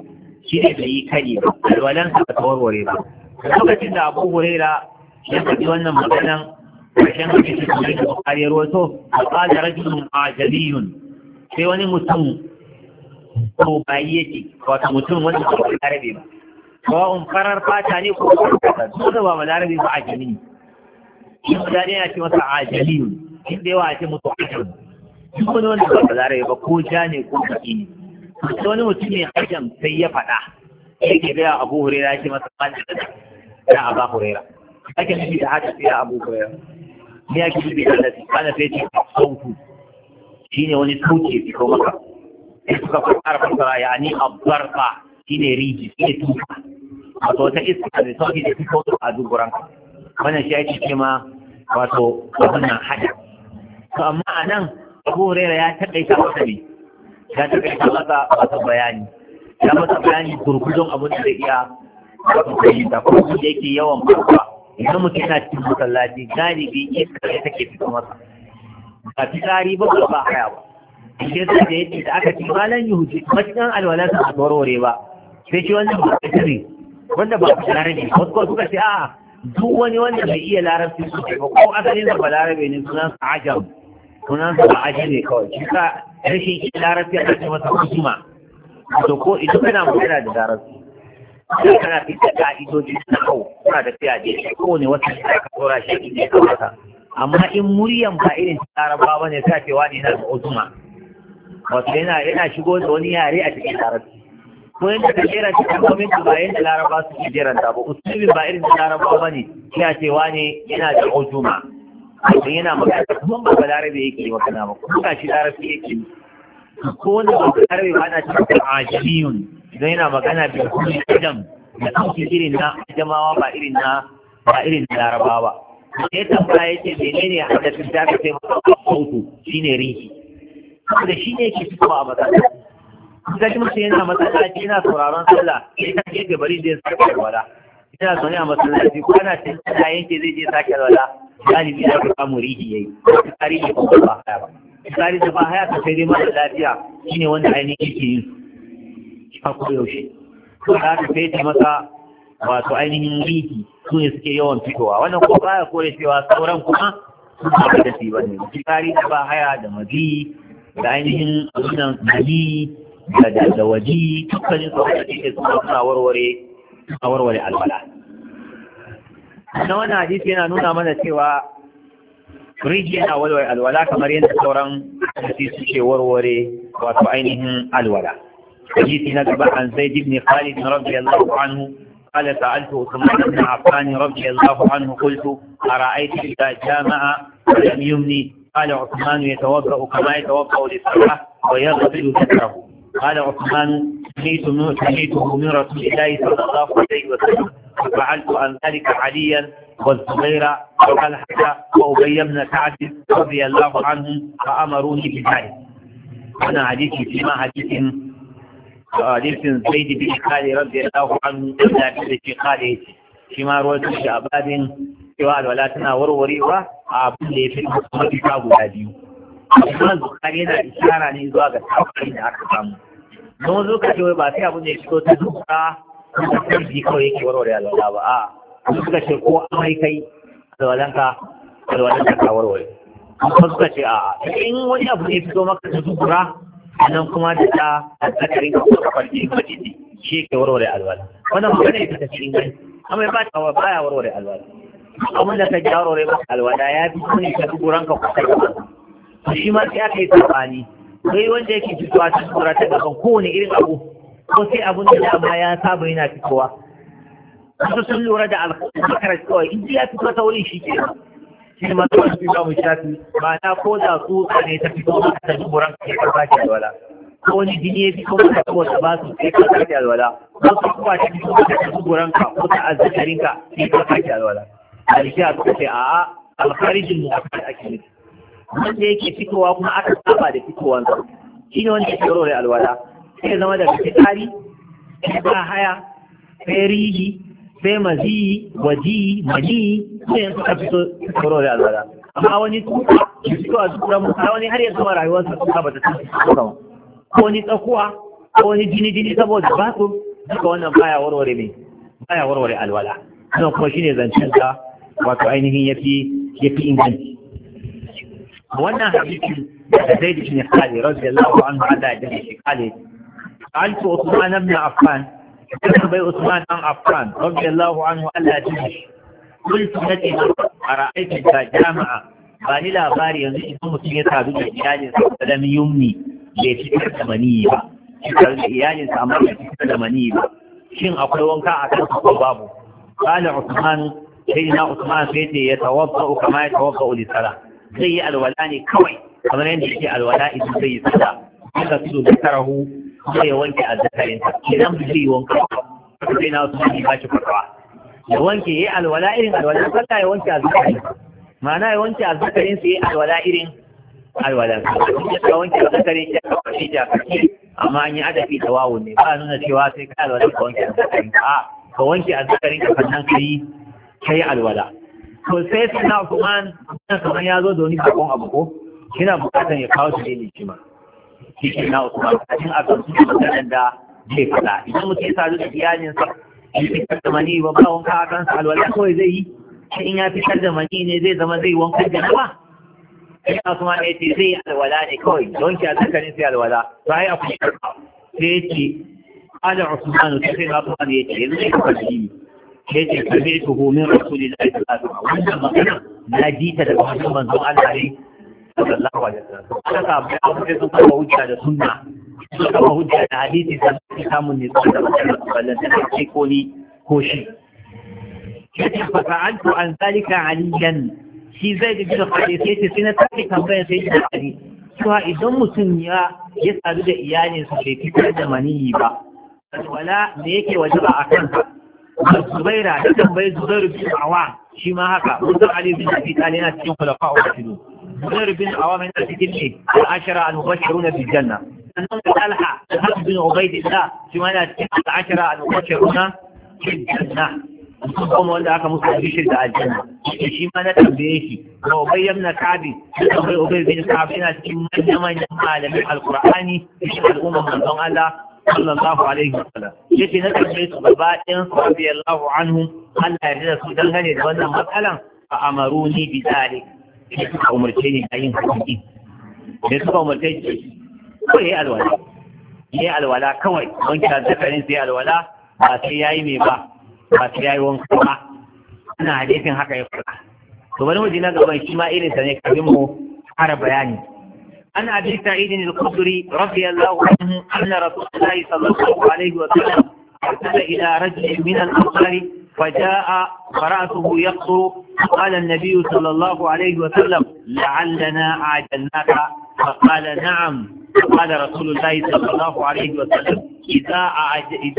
shi ne bai yi kari ba alwalan sa ta warware ba lokacin da abu huraira ya faɗi wannan maganan ƙarshen hadisi kamar da bukari rawaito a tsada rajulun ajaliyun sai wani mutum ko bayi yake wata mutum wanda ba ku larabe ba sawa'un farar fata ne ko ko da ba balarabe ba ajali shi da ne ya ce masa ajaliyun inda yawa ya ce mutu ajaliyun duk wani wanda ba balarabe ba ko ja ne ko baki ne wani mutum ne ajam sai ya faɗa sai ke gaya abu hurera ya ce masa kwanci da na aba hurera ake nufi da haka sai abu hurera ne ake nufi da nasi ana sai ce sonku shi ne wani fi ko maka ya suka fara fasara ya ni abbarba shi ne riji shi ne tuka wato wata iska da sauki da fito a duburanka wannan shi ake ce ma wato nan hada to amma a nan abu hurera ya ta masa ne ya taƙaita masa wata bayani ya masa bayani gurgudun abin da zai iya fahimta ko kuma yake yawan farfa idan mutum yana cikin masallaci galibi iska ta take fito masa ba fitsari ba ba haya ba sai sai da yake da aka ci malan kuma matukan alwala sun a warware ba sai shi wannan ba kasiri wanda ba ku larabi wasu kuma suka ce a duk wani wanda bai iya larabci su ba ko asalin sa ba larabe ne sunan sa ajam sunan sa ba aji ne kawai shi ka rashin iya larabci a cikin masa kusuma wato ko idan kana magana da larabci idan kana fita ka'idoji na hau kuna da fiya da kowane wata da ka tsora shi ne kamata amma in muryan ba irin larabawa ne ta cewa ne na da uzuma wato yana yana shigo da wani yare a cikin larabci ko yadda ka jera shi kan gwamnati ba da laraba su ke jeran ta ba usulubin ba irin larabawa ba ne ya cewa ne yana da uzuma idan yana magana kuma ba balarabe yake magana ba kuma shi larabci yake yi kone ba ta karbe ba na cikin ajiyun don yana magana bin kuma adam da ɗauki irin na jamawa ba irin na ba irin na larabawa sai tambaya yake ne ne haɗa su da ka sai maka sautu shine rinki da shi ne yake fitowa a matsala ta ji mutum yana matsala ce yana sauraron sallah sai ta je gabari zai sake alwala yana zaune a masallaci ko ana cin sallah yanke zai je sake alwala galibi da ka samu rihi yayi tsari ne ba ba ba tsari da ba haya ka sai dai mara lafiya shine wanda ainihin yake yin su a koyaushe to da aka sai ta masa wato ainihin riki su ne suke yawan fitowa wannan ko baya kore cewa sauran kuma sun ba da su ba ne tsari da ba haya da mazi da ainihin abinan gani da da waji tukkanin su wanda ke suna warware a warware albala na wannan hadisi yana nuna mana cewa firiji yana warware alwala kamar yadda sauran hadisi suke warware wato ainihin alwala hadisi na gaba an zaid ibn khalid radiyallahu anhu قال سألت عثمان بن عفان رضي الله عنه قلت أرأيت إذا جامع ولم يمني قال عثمان يتوضأ كما يتوضأ للصلاة ويغسل ذكره قال عثمان سميته من رسول الله صلى الله عليه وسلم فعلت عن ذلك عليا والزبير وطلحة وأبي بن سعد رضي الله عنهم فأمروني بذلك أنا حديثي فيما حديث حديث زيد بن خالد رضي الله عنه إلا في خالد فيما رويت في سوال ولا تنا وروري وأبو لي في المسلمة كتاب الهدي البخاري هنا إشارة نزوى قد أخرين أكثر don wani lokaci wai ba sai abu ne ya ta dukka duka da ji kawai yake warware alwala ba a suka ce ko amai kai alwalanka alwalanka ka warware kuma suka ce a in wani abu ne fito maka da dukura sannan kuma da ta tsakari da kuma farji mace ne shi yake warware alwala wannan magana ita ta cikin gani amai ba ta baya warware alwala abin da ka ji warware maka alwala ya fi sani ka dukuranka kusa da shi ma sai aka yi sabani sai wanda yake fitowa ta sura ta gaban kowane irin abu ko sai abun da dama ya saba yana fitowa wasu sun lura da alkhairar kawai in ya fito ta wurin shi ke shi ne masu wani ba mu shafi na ko da su ne ta fito maka ta duburan ka ka ba ke alwala ko wani jini ya fito kuma saboda ba su sai ka ke alwala ko su kuwa ta fito maka ta duburan ka ko ta azzakarin ka sai ka ba alwala a rikiya ta ce a'a alfarijin mu ake nufi wanda yake fitowa kuma aka saba da fitowansa shi ne wanda ya tsoro da alwala sai zama da fitari sai ba haya sai rigi sai maziyi wajiyi maniyi sai yanzu ka fito tsoro da alwala amma wani tuka ya fito a zuwa musa wani har yanzu rayuwar rayuwarsa tuka ba ta tuka ba ko wani tsakuwa ko wani jini jini saboda ba su duka wannan baya warware ne baya warware alwala wannan kuma ne zancen ka wato ainihin yafi yafi inganci wannan hadisi da zai da shine kale radiyallahu anhu Allah ya dace shi kale قالت عثمان بن عفان كتب عثمان عن عفان رضي الله عنه ألا تجيش قلت نتي أرأيت إذا جامع بني لا باري ينزل إذا مسلم يتعبد الإيال فلم يمني ليتكر دمني با شكر الإيال سأمر ليتكر دمني با شين أقول وانكا أكثر بابه قال عثمان سيدنا عثمان سيدي يتوضأ كما يتوضأ للصلاة zai yi alwala ne kawai kamar yadda yake alwala idan zai yi sada haka su da karahu kuma ya wanke azzakarinsa idan ba zai yi wanka sai na wasu mai ba shi fatawa ya wanke yayi alwala irin alwala sallah ya wanke azzakarin ma'ana ya wanke azzakarin sa yayi alwala irin alwala ya wanke azzakarin ya kafa shi ya kafa amma an yi adafi da wawo ne ba nuna cewa sai ka alwala ka wanke azzakarin ka ka wanke azzakarin ka sannan ka yi alwala to sai suna kuma kamar ya zo da wani sakon abu ko yana bukatar ya kawo su ne shi ma shi na usman a cikin abin su da zai fada idan mutum ya sadu da iyalinsa ya fitar da mani ba ba wanka a kansa alwala kawai zai yi sai in ya fitar da mani ne zai zama zai wanka da nama sai na usman ya ce zai alwala ne kawai don ki a tsakanin sai alwala to ai a karfa sai ya ce ala usman sai na usman ya ce yanzu ne kawai sai ce sami ita homin rasuli da ake tsaro wannan magana na ji ta daga wajen manzon Allah ne sallallahu alaihi wasallam aka ka abu abu da sun kawo hujja da sunna sun kawo hujja da hadisi da sun samu ne da magana ballan da ake ko ni ko shi yace fa fa'altu an zalika aliyan shi zai da bin hadisi sai ce sai na tafi tambayar sai da ali cewa idan mutum ya ya sadu da iyalinsa bai fitar da maniyi ba wala me yake wajaba a kansa zubaira da tambayi zubairu bin awa shi ma haka mutum ali bin abi talib yana cikin khulafa wa rashidun zubairu bin awa mai da cikin ne al-ashara al-mubashshiruna bil janna sannan da talha al-haq bin ubaidillah shi ma yana cikin al-ashara al-mubashshiruna bil janna mutum kuma wanda aka musu bishir da aljanna shi ma na tambaye shi wa ubay yamna kabi da ubay ubay bin kabi yana cikin manya manyan malamin alqur'ani da al'umma manzon Allah sallallahu alaihi wasallam Yake na tambaye su gaba ɗayan su radiyallahu anhum Allah ya rida su dangane da wannan matsalan fa ni bi dalik sai suka umarce ni a yin hakiki sai suka umarce ni ko yayi alwala yayi alwala kawai wanke zakarin sai alwala ba sai yayi me ba ba sai yayi wanka ba ina hadisin haka ya fara to bari mu na gaban shi ma irin sa ne kafin mu fara bayani عن أبي سعيد الخدري رضي الله عنه أن رسول الله صلى الله عليه وسلم أرسل إلى رجل من الأنصار فجاء فرأسه يقطر قال النبي صلى الله عليه وسلم لعلنا أعجلناك فقال نعم قال رسول الله صلى الله عليه وسلم إذا أعجلت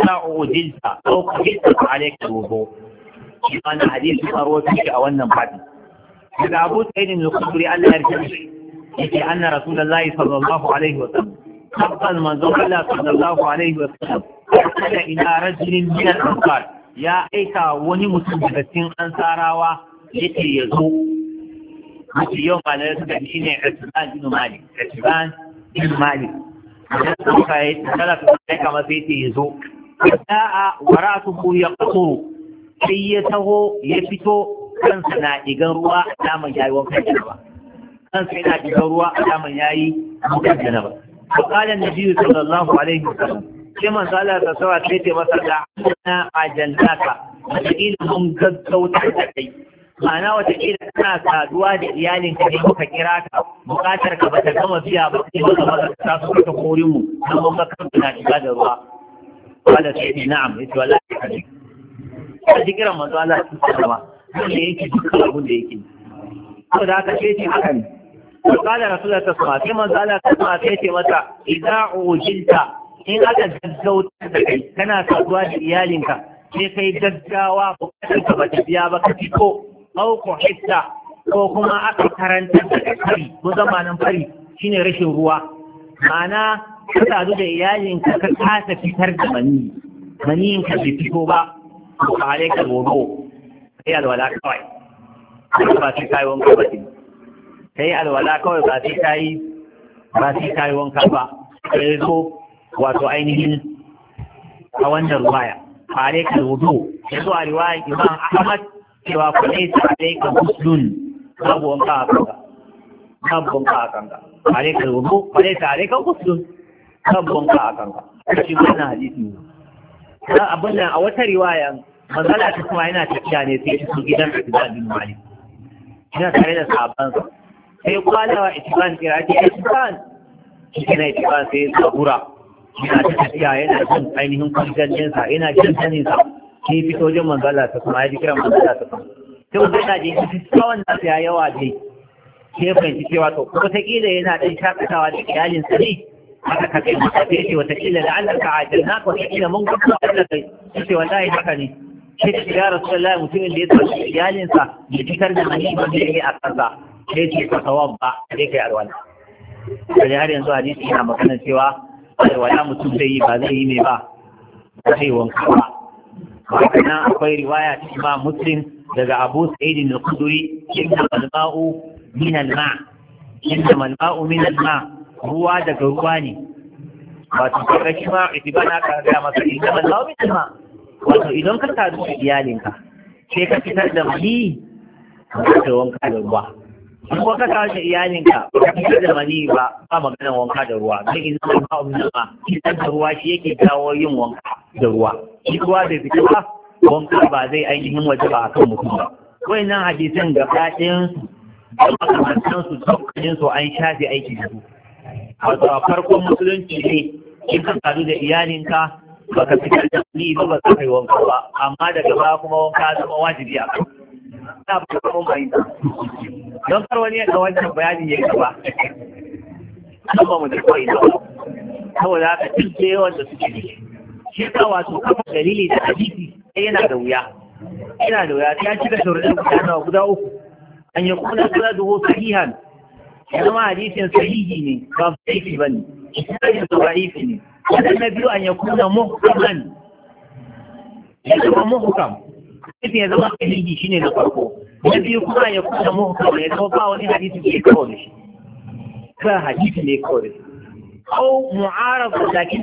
أو قبلت عليك الوضوء كان حديث أروتك أو أن بعد إذا أبو سعيد الخدري ألا يرجع yake anna rasulullahi sallallahu alaihi wa sallam tabbas manzon Allah sallallahu alaihi wa sallam kana ina rajulin min al-ansar ya aika wani mutum daga cikin ansarawa yake ya zo mafi yau ba da suka shi ne Isban ibn Malik Isban ibn Malik da suka yi tsara kai aika masa yake ya zo da'a waratuhu yaqturu sai ya taho ya fito kansa na igan ruwa alaman yayi wankan jaraba kansa yana cikin ruwa alaman yayi mutan janaba fa qala an-nabi sallallahu alaihi wasallam sai manzo Allah ta sawa sai ce masa da ana ajallaka wataƙila mun gaggauta da kai ma'ana wataƙila kana saduwa da iyalinka ne muka kira ka buƙatar ka bata gama biya ba sai muka maza ta so ta korin mu dan mun ga kan tana shiga da ruwa qala sai ce na'am yace wallahi kaje ji kiran manzo Allah ta sallama wanda yake dukkan abin da yake saboda haka sai ce haka ne wa kala rasulullah tasma sai manzo Allah tasma sai ce mata idza ujilta in aka gaggauta da kai kana saduwa da iyalinka sai kai daddawa ko ka ba biya ba ka fito au ko hitta ko kuma aka karanta da kai mu zamanin fari shine rashin ruwa Mana ka sadu da iyalinka ka kasa fitar da mani maniyin ka bai ba ko ka alaika gobe ya da wala kawai ba ta kai wani kabatin ta yi alwala kawai ba sai ta yi ba sai ta yi wanka ba sai zo wato ainihin a wannan ruwaya A ka wudu ya zo a riwaya imam ahmad cewa ku ne ta dai ka musulun babu wanka a kanka babu wanka a kanka A ka wudu fare ta dai ka musulun babu wanka a kanka shi wannan hadisi ne dan abin nan a wata riwaya manzala ta kuma yana tafiya ne sai su gidan Abdullah bin Malik yana tare da sahabbansa sai wa isban kira ce isban shi na isban sai zabura yana ta tafiya yana jin ainihin kwanjanninsa yana jin saninsa sai fito jin manzala ta kuma ya ji kiran manzala ta kuma sai kuma yana jin shi tsawon na ya yawa dai sai fahimci cewa to ko ta kila yana ɗan shakatawa da iyalin sa ne haka ka kai masa ta yake wata kila da Allah ka ajirna ko ta kila mun gudu Allah kai sai wallahi haka ne shi ta shiga layi mutumin da ya tsaye iyalinsa ya fitar da mani ba zai yi a ƙasa sai ce ka tawab ba sai kai alwala kaje har yanzu hadisi yana magana cewa alwala mutum zai yi ba zai yi ne ba ba zai wanka ba na akwai riwaya ta Imam Muslim daga Abu sa'idin al Kuduri? inna da mau min al-ma' inna al min al-ma' ruwa daga ruwa ne wato kai shi ma ka ga masa inna al-ma'u min al-ma' wato idan ka sadu iyalinka sai ka fitar da mali ka wanka da ruwa in kuma ka kawo iyalinka ba ka fitar da mani ba ba maganar wanka da ruwa don in zama ba umar ma da ruwa shi yake kawo yin wanka da ruwa shi ruwa bai fita ba wanka ba zai ainihin waje ba akan mutum ba Wai nan gaba ga su da makamantan su su an shafe aiki da su wato a farkon musulunci ne in ka sadu da iyalinka baka fitar da mani ba ba ka kai wanka ba amma daga gaba kuma wanka zama wajibi a kan na ba kuma mai don kar wani ya wancan bayanin ya gaba an ba mu da kawai da saboda haka cikin yawan da suke ne shi ka wato kafa dalili da hadisi sai yana da wuya yana da wuya ya cika sharuɗin guda nawa guda uku an yi kuna kula da wasu sahihan ya zama hadisin sahihi ne ba sahihi ba ne sahihin sahihi ne sannan na biyu an yi kuna muhkaman ya zama muhkam hadisi ya zama sahihi shine na farko na biyu kuma ya kuma muhkam ya zama wani hadisi shi hadisi ne kawai da shi أو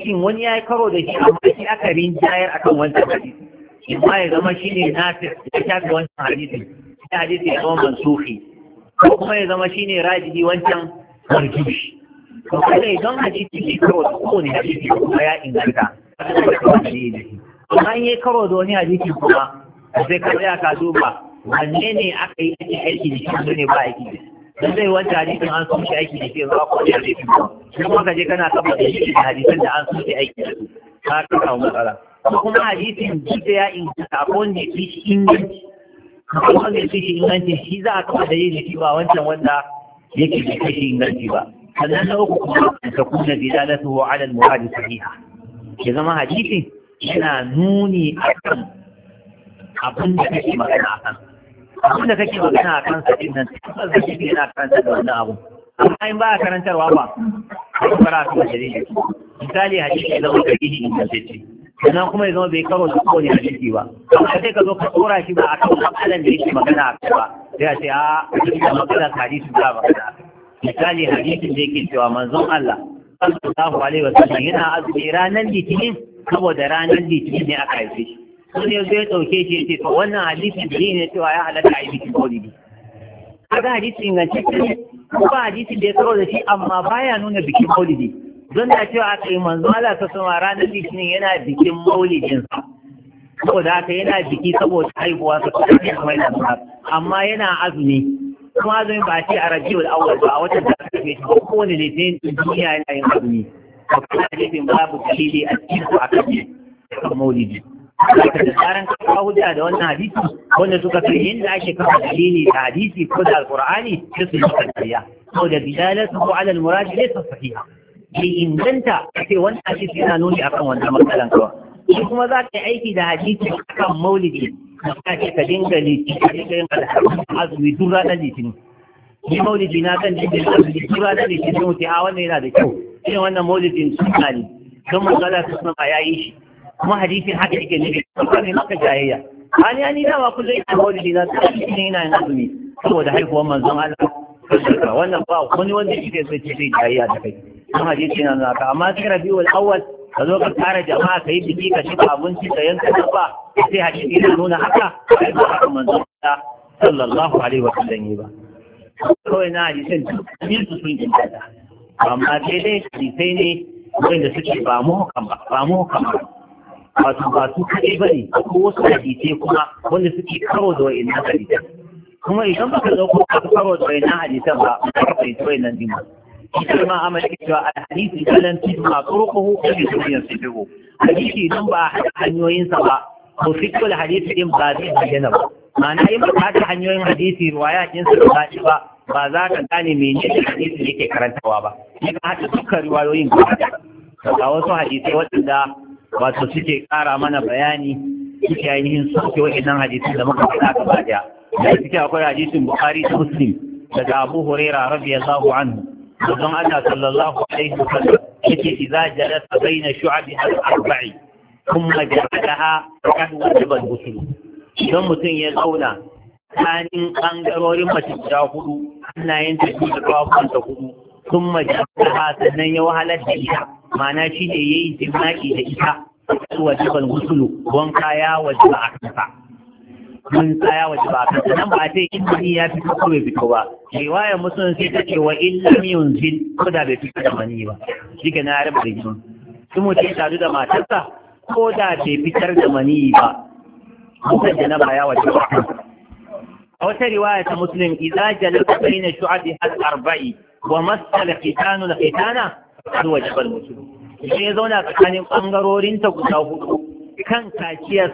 da amma aka rinjayar akan wannan hadisi ya zama shine nasir ya shafi wannan hadisi shi hadisi ya zama mansuhi ko kuma ya zama shine rajihi wancan hadisi ne karo da kowane hadisi kuma ya inganta an yi karo da wani hadisi kuma sai ka tsaya ka duba wanne ne aka yi ake aiki da shi ne ba aiki da shi zai wanda hadisin an so shi aiki da shi ku ko da shi kuma ka je kana kafa da shi da hadisin da an so shi aiki da su ka ka samu matsala kuma hadisin da ya inganta abun ne fi shi inganci kuma ne fi shi inganci shi za a kafa da shi ba wancan wanda yake da fi shi inganci ba sannan na uku kuma ta kuna bilalatuhu ala al-muradi sahiha ya zama hadisin yana nuni a kan abin da kake magana a kan abin da kake magana a kan sa nan tabbas da kake yana karanta da wannan abu amma in ba a karantarwa ba ba fara kuma da shari'a misali a cikin zama sahihi ingantacce sannan kuma ya zama bai karo da kowane a ciki ba amma sai ka zo ka tsora shi ba a kan matsalan da yake magana a kai ba sai a ce a cikin matsalan su ba magana a kan misali hadisin da yake cewa manzon Allah sallallahu alaihi wasallam yana azumi ranar litinin saboda ranar litini ne aka haife shi sun yanzu zai ɗauke shi ya ce to wannan hadisi da ne cewa ya halatta a yi bikin maulidi kaga hadisi ingantacce ne ko ba hadisi da ya karo da shi amma baya nuna bikin maulidi don da cewa aka yi manzo Allah ta sama ranar litini yana bikin maulidin sa saboda haka yana biki saboda haihuwa sa kuma yana mai amma yana azumi kuma azumi ba ce a rajiyar awwal ba a watan da aka yi ko kowane litinin duniya yana yin azumi ba hadisin babu dalili a cikin su a kan maulidi da tsarin kafa hujja da wannan hadisi wanda suka kai inda ake kafa dalili da hadisi ko da alqur'ani sai su yi kariya saboda dilalatu ala almurad laysa sahiha bai inganta sai wannan hadisi yana nuni akan wannan matsalan kawa shi kuma za ka yi aiki da hadisi akan maulidi ka ce ka dinga litinin ka dinga yin azumi duk ranar litinin ni maulidi na kan jikin asibiti shi ba da ne cikin wuce a wannan yana da kyau shi wannan maulidin suna ne don matsala su suna ya yayi shi kuma hadisin haka yake ne kuma ne maka jayayya hali ya ni dama kullum ina maulidi na kan jikin yana yin azumi saboda haihuwar manzon Allah wannan ba wani wanda yake sai ce zai jayayya da kai kuma hadisi na naka amma sai Rabi'u al awwal ka zo ka tara jama'a ka yi biki ka ci abinci ka yanka dabba sai hadisi yana nuna haka ba haka manzon Allah sallallahu alaihi wa sallam ba kawai na hadisin yin su sun inganta amma sai dai hadisai ne wanda suke ba mu ba ba mu ba ba su kaɗai ba ne ko wasu hadisai kuma wanda suke karo da wa'in na hadisan kuma idan baka ko ka karo da wa'in na hadisan ba ba ka fahimci wa'in nan ɗin ba ita ma amma yake cewa alhadisi kalan tijma turquhu wa bisuyan sidihu hadisi idan ba hanyoyinsa ba to fitul hadisi din ba zai bayyana ba ma'ana in ba hanyoyin hadisi ruwaya din su ba ba ba za ka gane menene hadisi yake karantawa ba sai ka haɗa dukkan riwayoyin ka ga wasu hadisai waɗanda wato suke ƙara mana bayani suke ainihin suke waɗannan hadisai da muka faɗa gaba ɗaya da suke akwai hadisin Bukhari da Muslim daga Abu Hurairah radiyallahu anhu don Allah sallallahu alaihi wa sallam yake idza jalasa baina shu'abi al-arba'i ثم جعلها كهوة بالغسل idan mutum ya zauna tsakanin ɓangarorin mace guda hudu ana ta tafi da ƙafafuwan ta hudu sun mace ta sannan ya wahalar da ita ma'ana shi ne ya yi jima'i da ita su wajiban gusulu wanka ya ba a kansa mun tsaya waje ba A kansa nan ba ce in mani ya fito ko bai fito ba waye musu sai ta ce wa in lam yunzil ko da bai fito da mani ba shi na ya rabu da gidan. su mutum ya sadu da matarsa ko da bai fitar da mani ba mutan janaba ya waje a wata riwaya ta muslim idza jalaka baina shu'abi al arba'i wa masal khitanu al khitana qad waje al muslim idan ya zauna tsakanin bangarorin ta guda hudu kan sa ya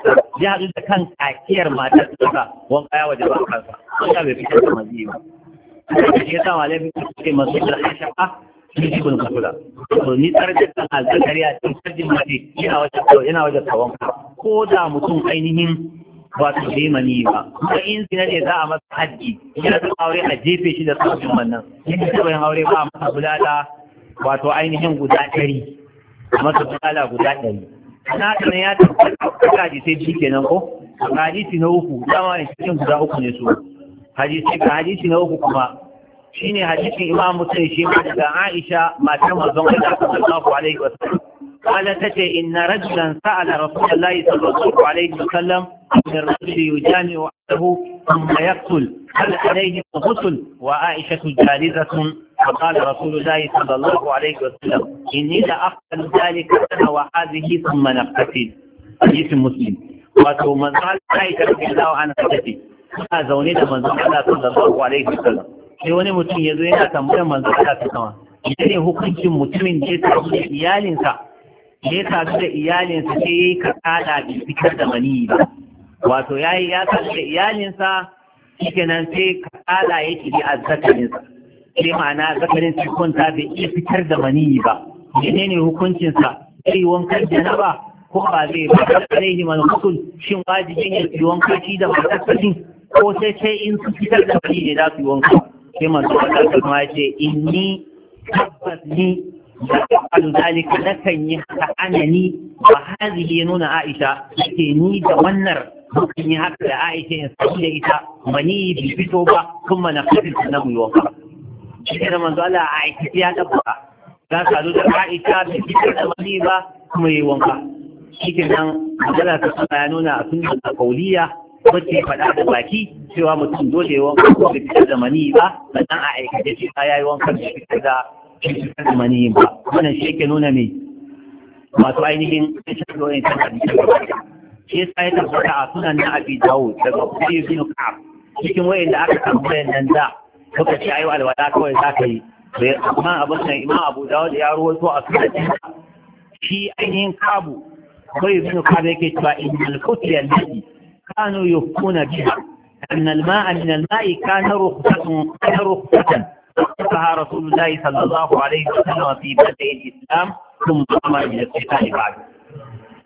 haɗu da kan kaciyar matar sa wanka ya waje ba kansa wanda bai fitar da mazi ba shi yasa malami suke masu da hashafa shi ji kun kasula to ni tsar da kan alzakari a cikin sarjin mace yana wajen yana wajen ko da mutum ainihin Ba wato limani ba kuma in zina ne za a masa haji Ya da aure a jefe shi da sabbin wannan Yin ta bayan aure ba a masa bulala wato ainihin guda ɗari a masa bulala guda ɗari na tana ya tabbata kaji sai biyu kenan ko hadisi na uku dama ne cikin guda uku ne su hadisi ga hadisi na uku kuma shine hadisin imam muslim shi ma daga aisha matar manzon Allah sallallahu alaihi wasallam قالت إن رجلا سأل رسول الله صلى الله عليه وسلم من الرجل يجامع أهله ثم يقتل a عليه الغسل وعائشة جالسة فقال رسول الله صلى الله عليه وسلم إني لأفعل ذلك أنا وهذه ثم نقتل حديث مسلم wato manzo Allah ya tafi da an tafi ina zaune da manzo Allah sallallahu alaihi wasallam sai wani mutum ya zo yana tambayar manzo ta sama ne hukuncin mutumin da ya da iyalinsa ya tafi da iyalinsa sai yayi kasala bi fitar da mani ba wato yayi ya kalli da iyalinsa nan sai kala yake bi azzakarinsa sai ma'ana zakarin sai kwanta bai iya fitar da maniyi ba menene hukuncinsa sai wankan ba? ko ba zai ba alaihi man hukun shin wajibin ya yi wanka shi da matarsa ko sai sai in su fitar da maniyi ne za su yi wanka sai masu Allah kuma ya ce ni, tabbas ni يفعل ذلك ya nuna Aisha suke ni da wannan. mukan yi haka da aisha ya samu da ita mani bi fito ba kuma na fadi na gwiwa ba shi da manzo Allah a aisha ya ba, za ka zo da aisha bi fito da mani ba kuma yi wanka shi nan magana ta suna ya nuna a sunan da kauliya wacce faɗa da baki cewa mutum dole ya wanka ko bi fito da mani ba sannan a da shi ya yi wanka bi fito da mani ba wannan shi ke nuna ne masu ainihin shi ne kan hadisi shi yasa ya tabbata a sunan na abi dawo daga kuma ibn ka'ab cikin da aka tambaya nan da suka ce ayi alwala kawai za ka yi bai amma abin nan imam abu dawo da ya ruwaito a sunan shi ainihin kabu kawai ibn ka'ab yake cewa innal kutri allati kanu yufkuna biha أن الماء من الماء كان رخصة كان رخصة فها رسول الله صلى الله عليه وسلم في بدء الإسلام ثم أمر بالاقتتال بعد.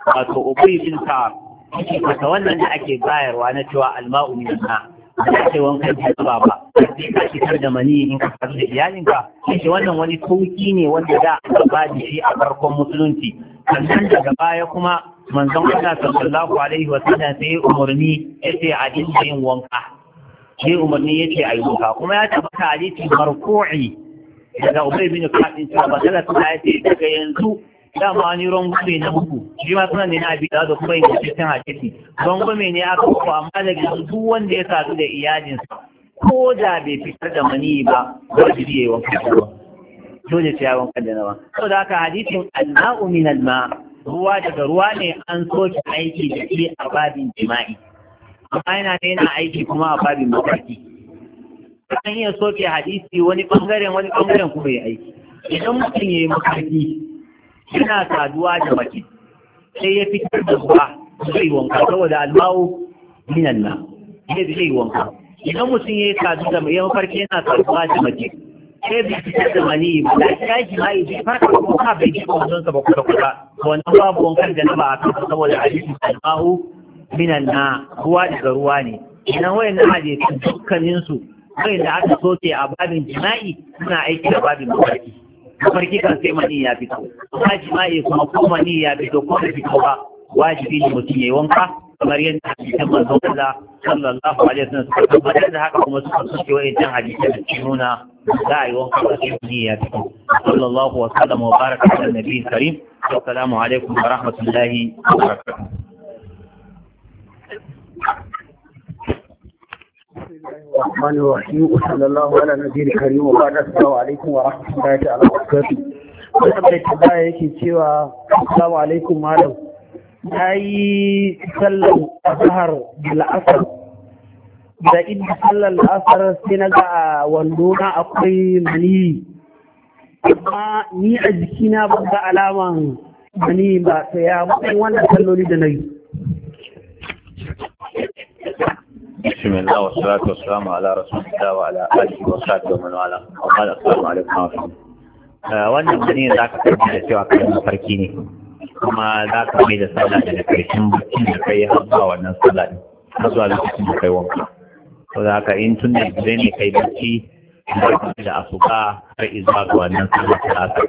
wato ubai bin ka'ab ake wannan da ake bayarwa na cewa alma'u min na da ake wankan ki ba ba sai ka fitar da mani in ka faru da iyalinka shi wannan wani sauki ne wanda da aka ba da shi a farkon musulunci sannan daga baya kuma manzon Allah sallallahu alaihi wa sallam sai umarni yace a dinga yin wanka sai umarni yace yi wanka kuma ya tabbata hadisi marfu'i daga Ubay bin Ka'ab cewa ba sallallahu alaihi wa daga yanzu dama wani rangume na uku shi ma suna ne na abi da kuma yin cikin hakiki rangume ne aka uku amma daga duk wanda ya sadu da iyalinsa ko da bai fitar da mani ba wajibi yayi wanka da ruwa dole sai ya wanka da Aka saboda haka hadisin alma'u min alma ruwa daga ruwa ne an soke aiki da shi a babin jima'i amma yana ne yana aiki kuma a babin mafarki kan iya soke hadisi wani bangaren wani bangaren kuma ya aiki idan mutum ya yi mafarki yana saduwa da mace sai ya fitar da ruwa zai wanka saboda almawo minan nan zai zai wanka idan mutum ya yi sadu da ya mafarki yana saduwa da mace sai zai fitar da mani ba da ya yi jima'i fara farka ko ka bai ji ba wajen ba kusa kusa wannan babu wankan da na ba a kansa saboda hadisin almawo minan na ruwa daga ruwa ne idan na hadisin dukkaninsu da aka soke a babin jima'i suna aiki da babin mafarki mafarki kan sai mani ya fito amma jima'i kuma ko mani ya fito ko da fito ba wajibi ne mutum ya yi wanka kamar yadda hadisan manzon Allah sallallahu alaihi wasallam suka tabbatar da haka kuma suka soke wa'ancan hadisan da ke nuna za a yi wanka ba sai mani ya fito sallallahu wa sallam wa baraka ala nabiyyi karim assalamu alaikum wa rahmatullahi wa barakatuh الرحمن الرحيم وصلى الله على الكريم وبعد السلام عليكم ورحمة الله تعالى وبركاته yake cewa assalamu alaikum malam na yi sallar da la'asar da sallar la'asar sai na ga a wando na akwai mani amma ni a jikina ban ga alaman mani ba sai ya wanda wannan da na بسم الله والصلاة والسلام على رسول الله وعلى آله وصحبه ومن والاه وقال السلام عليكم ورحمة الله wannan gani za ka karbi da cewa kai mafarki ne kuma za ka mai da sallah daga karshen bakin da kai har zuwa wannan sallah din har zuwa lokacin da kai wanka to za ka in tun da ne kai bacci da da asuba har izuwa ga wannan sallah ta asar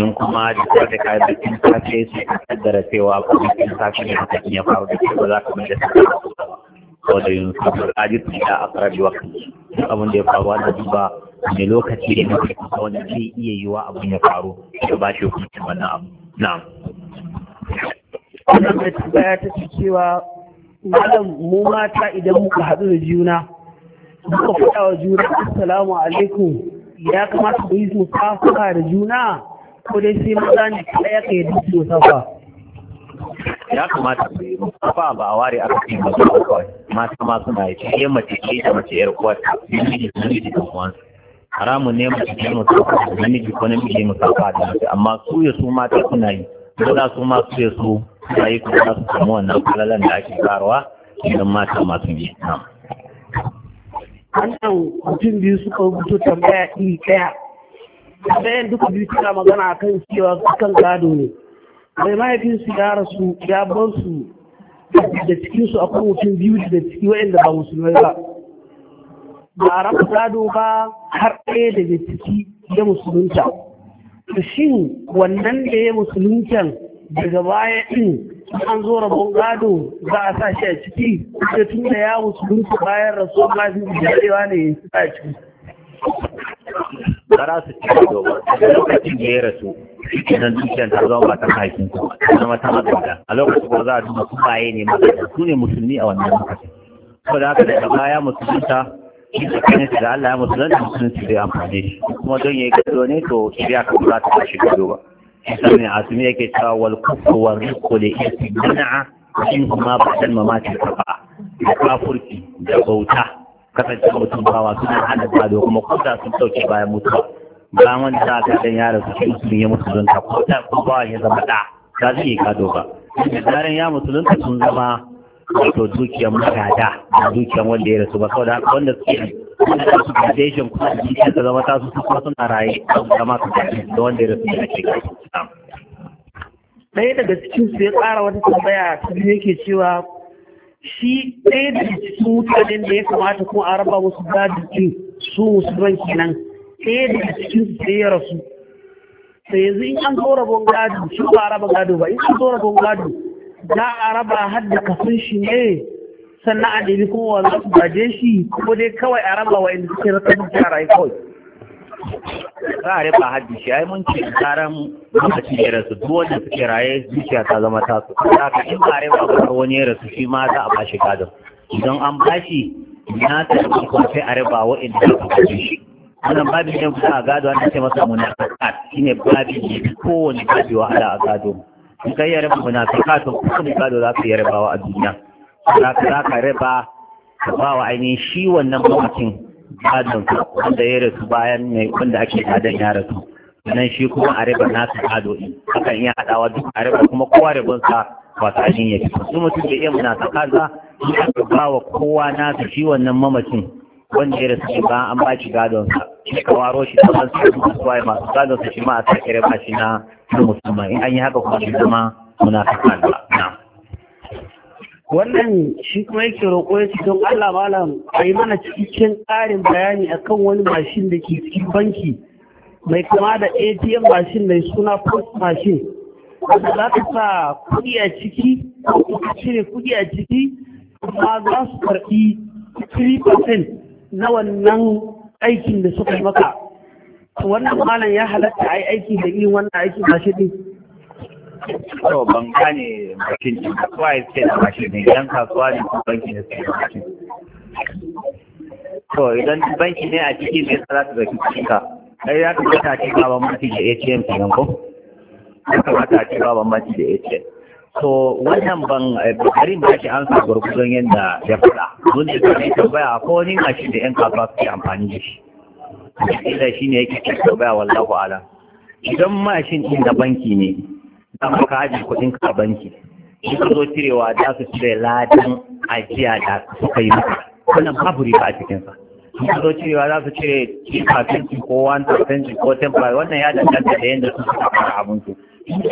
in kuma da kuma da safe kaddara cewa kuma safe ne ya faru da ba za ka mai da sallah wanda yin kafin ajiyar da a karar wakil abin da ya faru da duba ne lokaci da na kusa wanda zai iya yi wa abin ya faru da ba shi hukuncin wannan abu na'am wannan mai tambaya ta ce cewa malam mu mata idan muka haɗu da juna muka faɗa wa juna assalamu alaikum ya kamata mu yi musafaha da juna ko dai sai maza ne kaɗai ka yi duk musafaha ya kamata su yi ba ba a ware aka fi ba su kawai mata ma suna yi ce mace ce da mace yar uwa ta miji da miji da uwansa haramun ne mace ce musafa da miji ko ta musafa da mace amma su ya su mata suna yi dole su ma su ya su suna yi kuma su samu wannan kalalan da ake karuwa idan mata masu yi wannan mutum biyu suka rubuto tambaya iri ɗaya tambayan duka biyu suna magana akan cewa kan gado ne mai mahaifinsu ya rasu ya bar su da cikinsu a mutum biyu da ciki wa'inda ba musulmai ba ba a rafa gado ba har ɗaya daga ciki ya musulunta shi wannan da ya musuluntan daga baya ɗin an zo rabon gado za a sa shi a ciki da tun da ya musulunta bayan rasu ma biyu da cewa ne ya sa ciki. za su ci da lokacin da ya rasu idan dukiyar ta zama ba ta haifin ta zama ta magana a lokacin ba za a duba su baye ne magana su ne musulmi a wannan lokacin ko da haka daga baya musulunta shi da kanin da Allah ya musulunta musulunci bai amfani shi kuma don ya yi gado ne to shirya ka ba ta shi gado ba shi ne asumi yake cewa wal kufu wa riqu li istibna'a in kuma ba dan mamati ba da kafurki da bauta kasance mutum bawa suna hana gado kuma kusa sun dauke bayan mutuwa ba wanda za ka dan yaro su ke musulun ya musulunta ko da ko ba ya zama da za su yi gado ba yaran ya musulunta sun zama wato dukiyar magada da dukiyar wanda ya rasu ba saboda wanda suke wanda su gaje shi kuma dukiyar ta zama tasu su kuma suna raye don zama su gaje da wanda ya rasu ne ake gaje ɗaya daga cikin su ya ƙara wata tambaya ta yake cewa shi ɗaya daga cikin mutanen da ya kamata ko a raba musu gadi su musulman kenan ɗaya da cikin sai ya rasu sai yanzu in an zo rabon gado shi ba a raba gado ba in an zo rabon gado za a raba har da kafin shi ne sannan a ɗebi kuma wa za su gaje shi ko dai kawai a raba wa inda suke rasa mutu a rai kawai za a raba haddi shi ai mun ce tsaran lokacin ya rasu duk wanda suke raye zuciya ta zama tasu haka in ba a raba ba wani ya rasu shi ma za a bashi gadon idan an bashi na ta yi kwafe a raba wa inda suke gaje shi wannan babin ne kusa a gado an ce masa munafiqat shine babin ne kowane babi wahala a gado in kai ya raba munafiqat ko kuma gado za ka yi rabawa a duniya za ka za ka raba ka ba wa ainihin shi wannan mamakin Gado. wanda ya rasu bayan ne wanda ake gadon ya rasu sannan shi kuma a raba nasa gado din hakan iya haɗawa duk a raba kuma kowa rabonsa wato ainihin ya fito su mutum da iya munafiqat ba in aka ba wa kowa nasa shi wannan mamacin wanda ya rasu ba an ba shi gadon sa shi ka waro shi ta san sai su suwaye masu gadon sa shi ma a tsakiyar ba shi na musamman in an yi haka kuma shi zama munafika da na wannan shi kuma yake roƙo ya cikin don Allah malam a mana cikakken ƙarin bayani akan wani mashin da ke cikin banki mai kama da ATM mashin mai suna post mashin wanda za ka sa kuɗi a ciki ko kuma cire kuɗi a ciki kuma za su karɓi 3% na wannan aikin da suka maka, maka wannan malam ya halatta ai aiki da irin wannan aiki ba shi ne to ban gane bakin ci kasuwa ya ce da bashi ne idan kasuwa ne ko banki ne sai da to idan banki ne a ciki ne za ta zaki cika, sai ya kamata ta ce ba ban da ATM kenan ko ya ta ta ce ba ban da ATM to wannan ban eh, ba da ake ansa gurgudun yadda ya faɗa mun da kai tambaya ko wani mashi da yan kasuwa suke amfani da shi kila shi ne yake kai tambaya wallahu ala idan mashin din da banki ne za ka kaji kuɗin ka banki shi ka zo cirewa za su cire ladan ajiya da suka yi maka wannan babu riba a cikinsa shi ka zo cirewa za su cire kafinci ko 1% ko 10% wannan ya danganta da yadda suka fara abinsu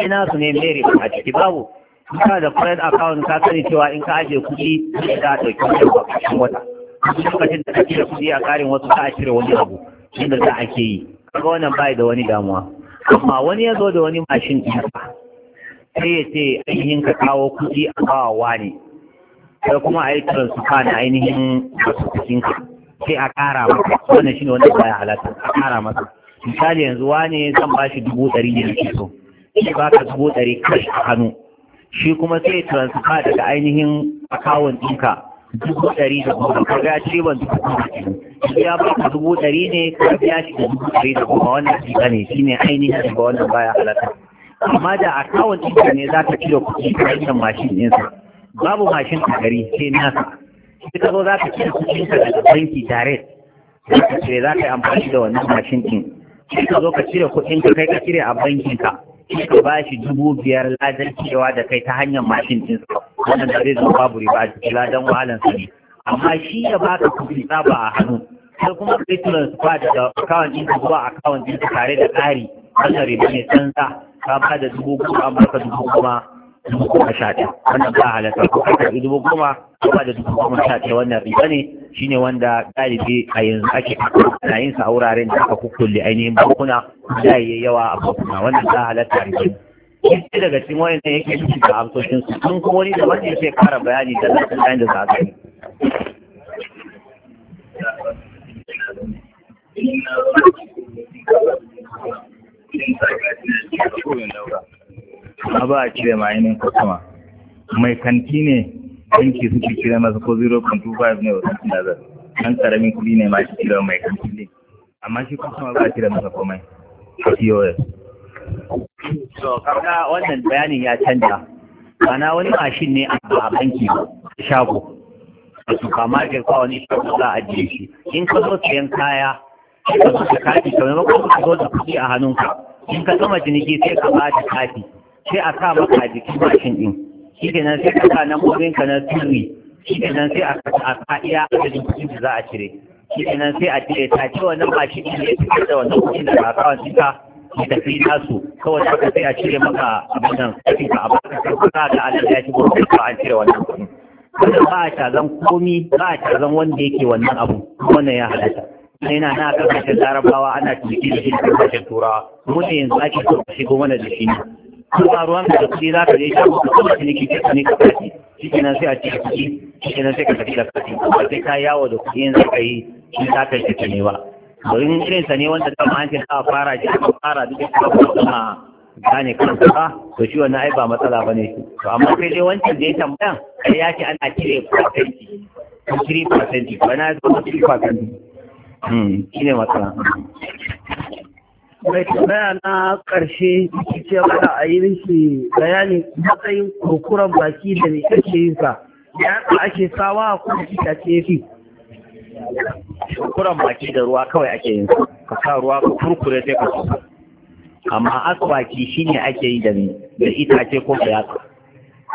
ina su ne mere a ciki babu kana da current account ka sani cewa in ka ajiye kuɗi zai da ɗauki wani abu a cikin wata lokacin da kake da kuɗi a ƙarin wasu ka cire wani abu inda za a ke yi kaga wannan bai da wani damuwa amma wani ya zo da wani mashin ɗinka sai ya ce ainihin ka kawo kuɗi a kawo ne sai kuma a yi transfer na ainihin masu ka. sai a ƙara masa wannan shine wanda baya halatta a ƙara masa misali yanzu wani zan ba shi dubu ɗari ne nake so sai baka dubu ɗari kai a hannu shi kuma sai transfer daga ainihin akawun ɗinka dubu ɗari da goma ka ga ban dubu goma ya ba ka dubu ɗari ne ka biya shi da dubu ɗari da goma wannan shi ne shi ne ainihin daga wannan baya halatta amma da akawun ɗinka ne za ka cire kuɗi ta hanyar mashin ɗinsa babu mashin a gari sai nasa Shi ka zo za ka cire kuɗinka daga banki direct za ka cire za ka yi amfani da wannan mashin ɗin shi ka zo ka cire kuɗinka kai ka cire a bankinka sai ka ba shi dubu biyar ladan cewa da kai ta hanyar mashin ɗin sa wannan da zai zama babu riba a cikin ladan wahalan sa ne amma shi ya baka kuɗi tsaba a hannu sai kuma kai ba da akawun ɗin ka zuwa akawun ɗin ka tare da ƙari wannan riba ne sanza, ka ba da dubu goma amma ka dubu goma dubu goma sha ɗaya wannan ba halatta ko aka yi dubu goma ba da dubu goma sha ɗaya wannan riba ne shine wanda galibi a yanzu ake na yin sa a wuraren da aka kukkulle ainihin bankuna da yayi yawa a bankuna wannan ba halatta riba ne Yake daga cikin wayan da yake ciki da amsoshin su sun kuma wani da wani sai fara bayani da zafin kayan da za yi. Thank you. a ba a cire ma ainihin kwastama mai kanti ne banki suke kira masa ko 0.25 ne na nazar ɗan ƙaramin kuɗi ne ma shi kira mai kanti ne amma shi kwastama ba a cire masa komai a pos so kaga wannan bayanin ya canja ana wani mashin ne a banki shago a supermarket ko wani shago za a ajiye shi in ka zo sayan kaya ka zo ka kaji kamar maimakon ka zo da kuɗi a hannunka in ka zama ciniki sai ka ba da kafi sai a sa maka a jikin mashin ɗin shi nan sai ka sa nan ka na turi shi nan sai a sa iya adadin kuɗin da za a cire shi nan sai a cire ta ce wannan mashin ɗin ya fi da wannan kuɗin da ba a cika ya tafi su kawai aka sai a cire maka abin nan kafin ka abin ka sai kuka ga Allah ya shigo sai ka an cire wannan kuɗi. wanda ba a cazan komi ba a cazan wanda yake wannan abu wannan ya halatta sai na na kasashen larabawa ana ciniki da shi da kasashen turawa mun yanzu ake so a shigo mana da shi ne an ruwan da kuɗi za ka je shago ka kuma ciniki ka tsani ka kaci shi kenan sai a ce kuɗi shi kenan sai ka tafi da kaci ba sai ka yawo da kuɗi yanzu ka yi shi za ka yi ne ba domin irin sa ne wanda ta ma hancin fara shi ka fara duk da ka kuma gane kanka ba to shi wannan ai ba matsala ba ne to amma sai dai wancan da ya tambayan kai ya ce ana cire fasenti ko cire fasenti ba na zama cire fasenti hmm, shi ne matsala mai tambaya na ƙarshe ce mana a yi miki bayani matsayin kurkuren baki da mai kake yin sa ya ka ake sawa ko kita ce fi kurkuren baki da ruwa kawai ake yin ka sa ruwa ka kurkure sai ka sosa amma aswaki shine ake yi da ni da itace ko da yatsa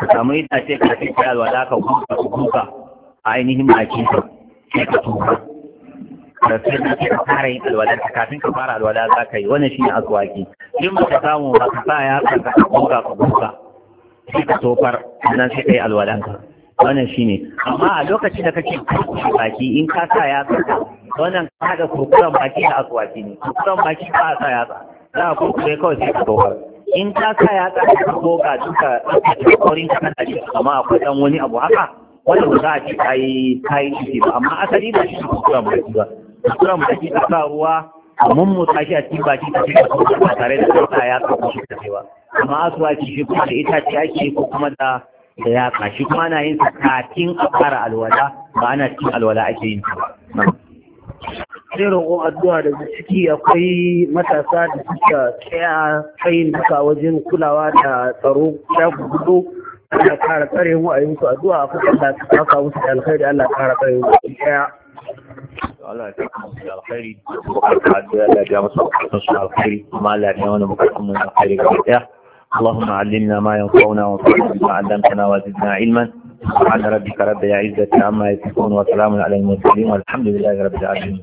ka samu itace ka fi kayarwa da ka kuka a ainihin baki sai ka tuka da sai da ka fara yin alwala kafin ka fara alwala za ka yi wannan shine aswaki in ba ka samu ba ka sa ya ka ka buga ka buga sai ka tofar nan sai ka yi alwalan ka wannan shine amma a lokacin da kake kurkure baki in ka sa ya ka wannan ka da kurkuren baki da aswaki ne kurkuren baki ba sa ya ka za ka kurkure kawai sai ka tofar in ka sa ya ka ka buga duka kokarin ka kana ji amma akwai dan wani abu haka wannan ba za a ce kai kai ciki ba amma asali da shi kurkuren baki ba da tura mu take sa ruwa mun mu shi a cikin baki ta cikin ba tare da tsaka ya ka shi ta cewa amma asuwa ce shi kuma da ita ce ake ko kuma da da ya shi kuma ana yin sa kafin a fara alwala ba ana cikin alwala ake yin ta ba sai roƙo addu'a da ciki akwai matasa da suka tsaya tsayin duka wajen kulawa da tsaro ya gudu da kara tsare mu a yi musu addu'a a kusa da su saka musu da alkhairi Allah kara tsare mu ɗaya Allah ya kama da alkhairi bukatun addu'a Allah ya masa bukatun su alkhairi kuma Allah ya wani bukatun mu alkhairi ga daya اللهم علمنا ما ينفعنا وانفعنا بما علمتنا وزدنا علما سبحان ربك رب العزة عما يصفون وسلام على المرسلين والحمد لله رب العالمين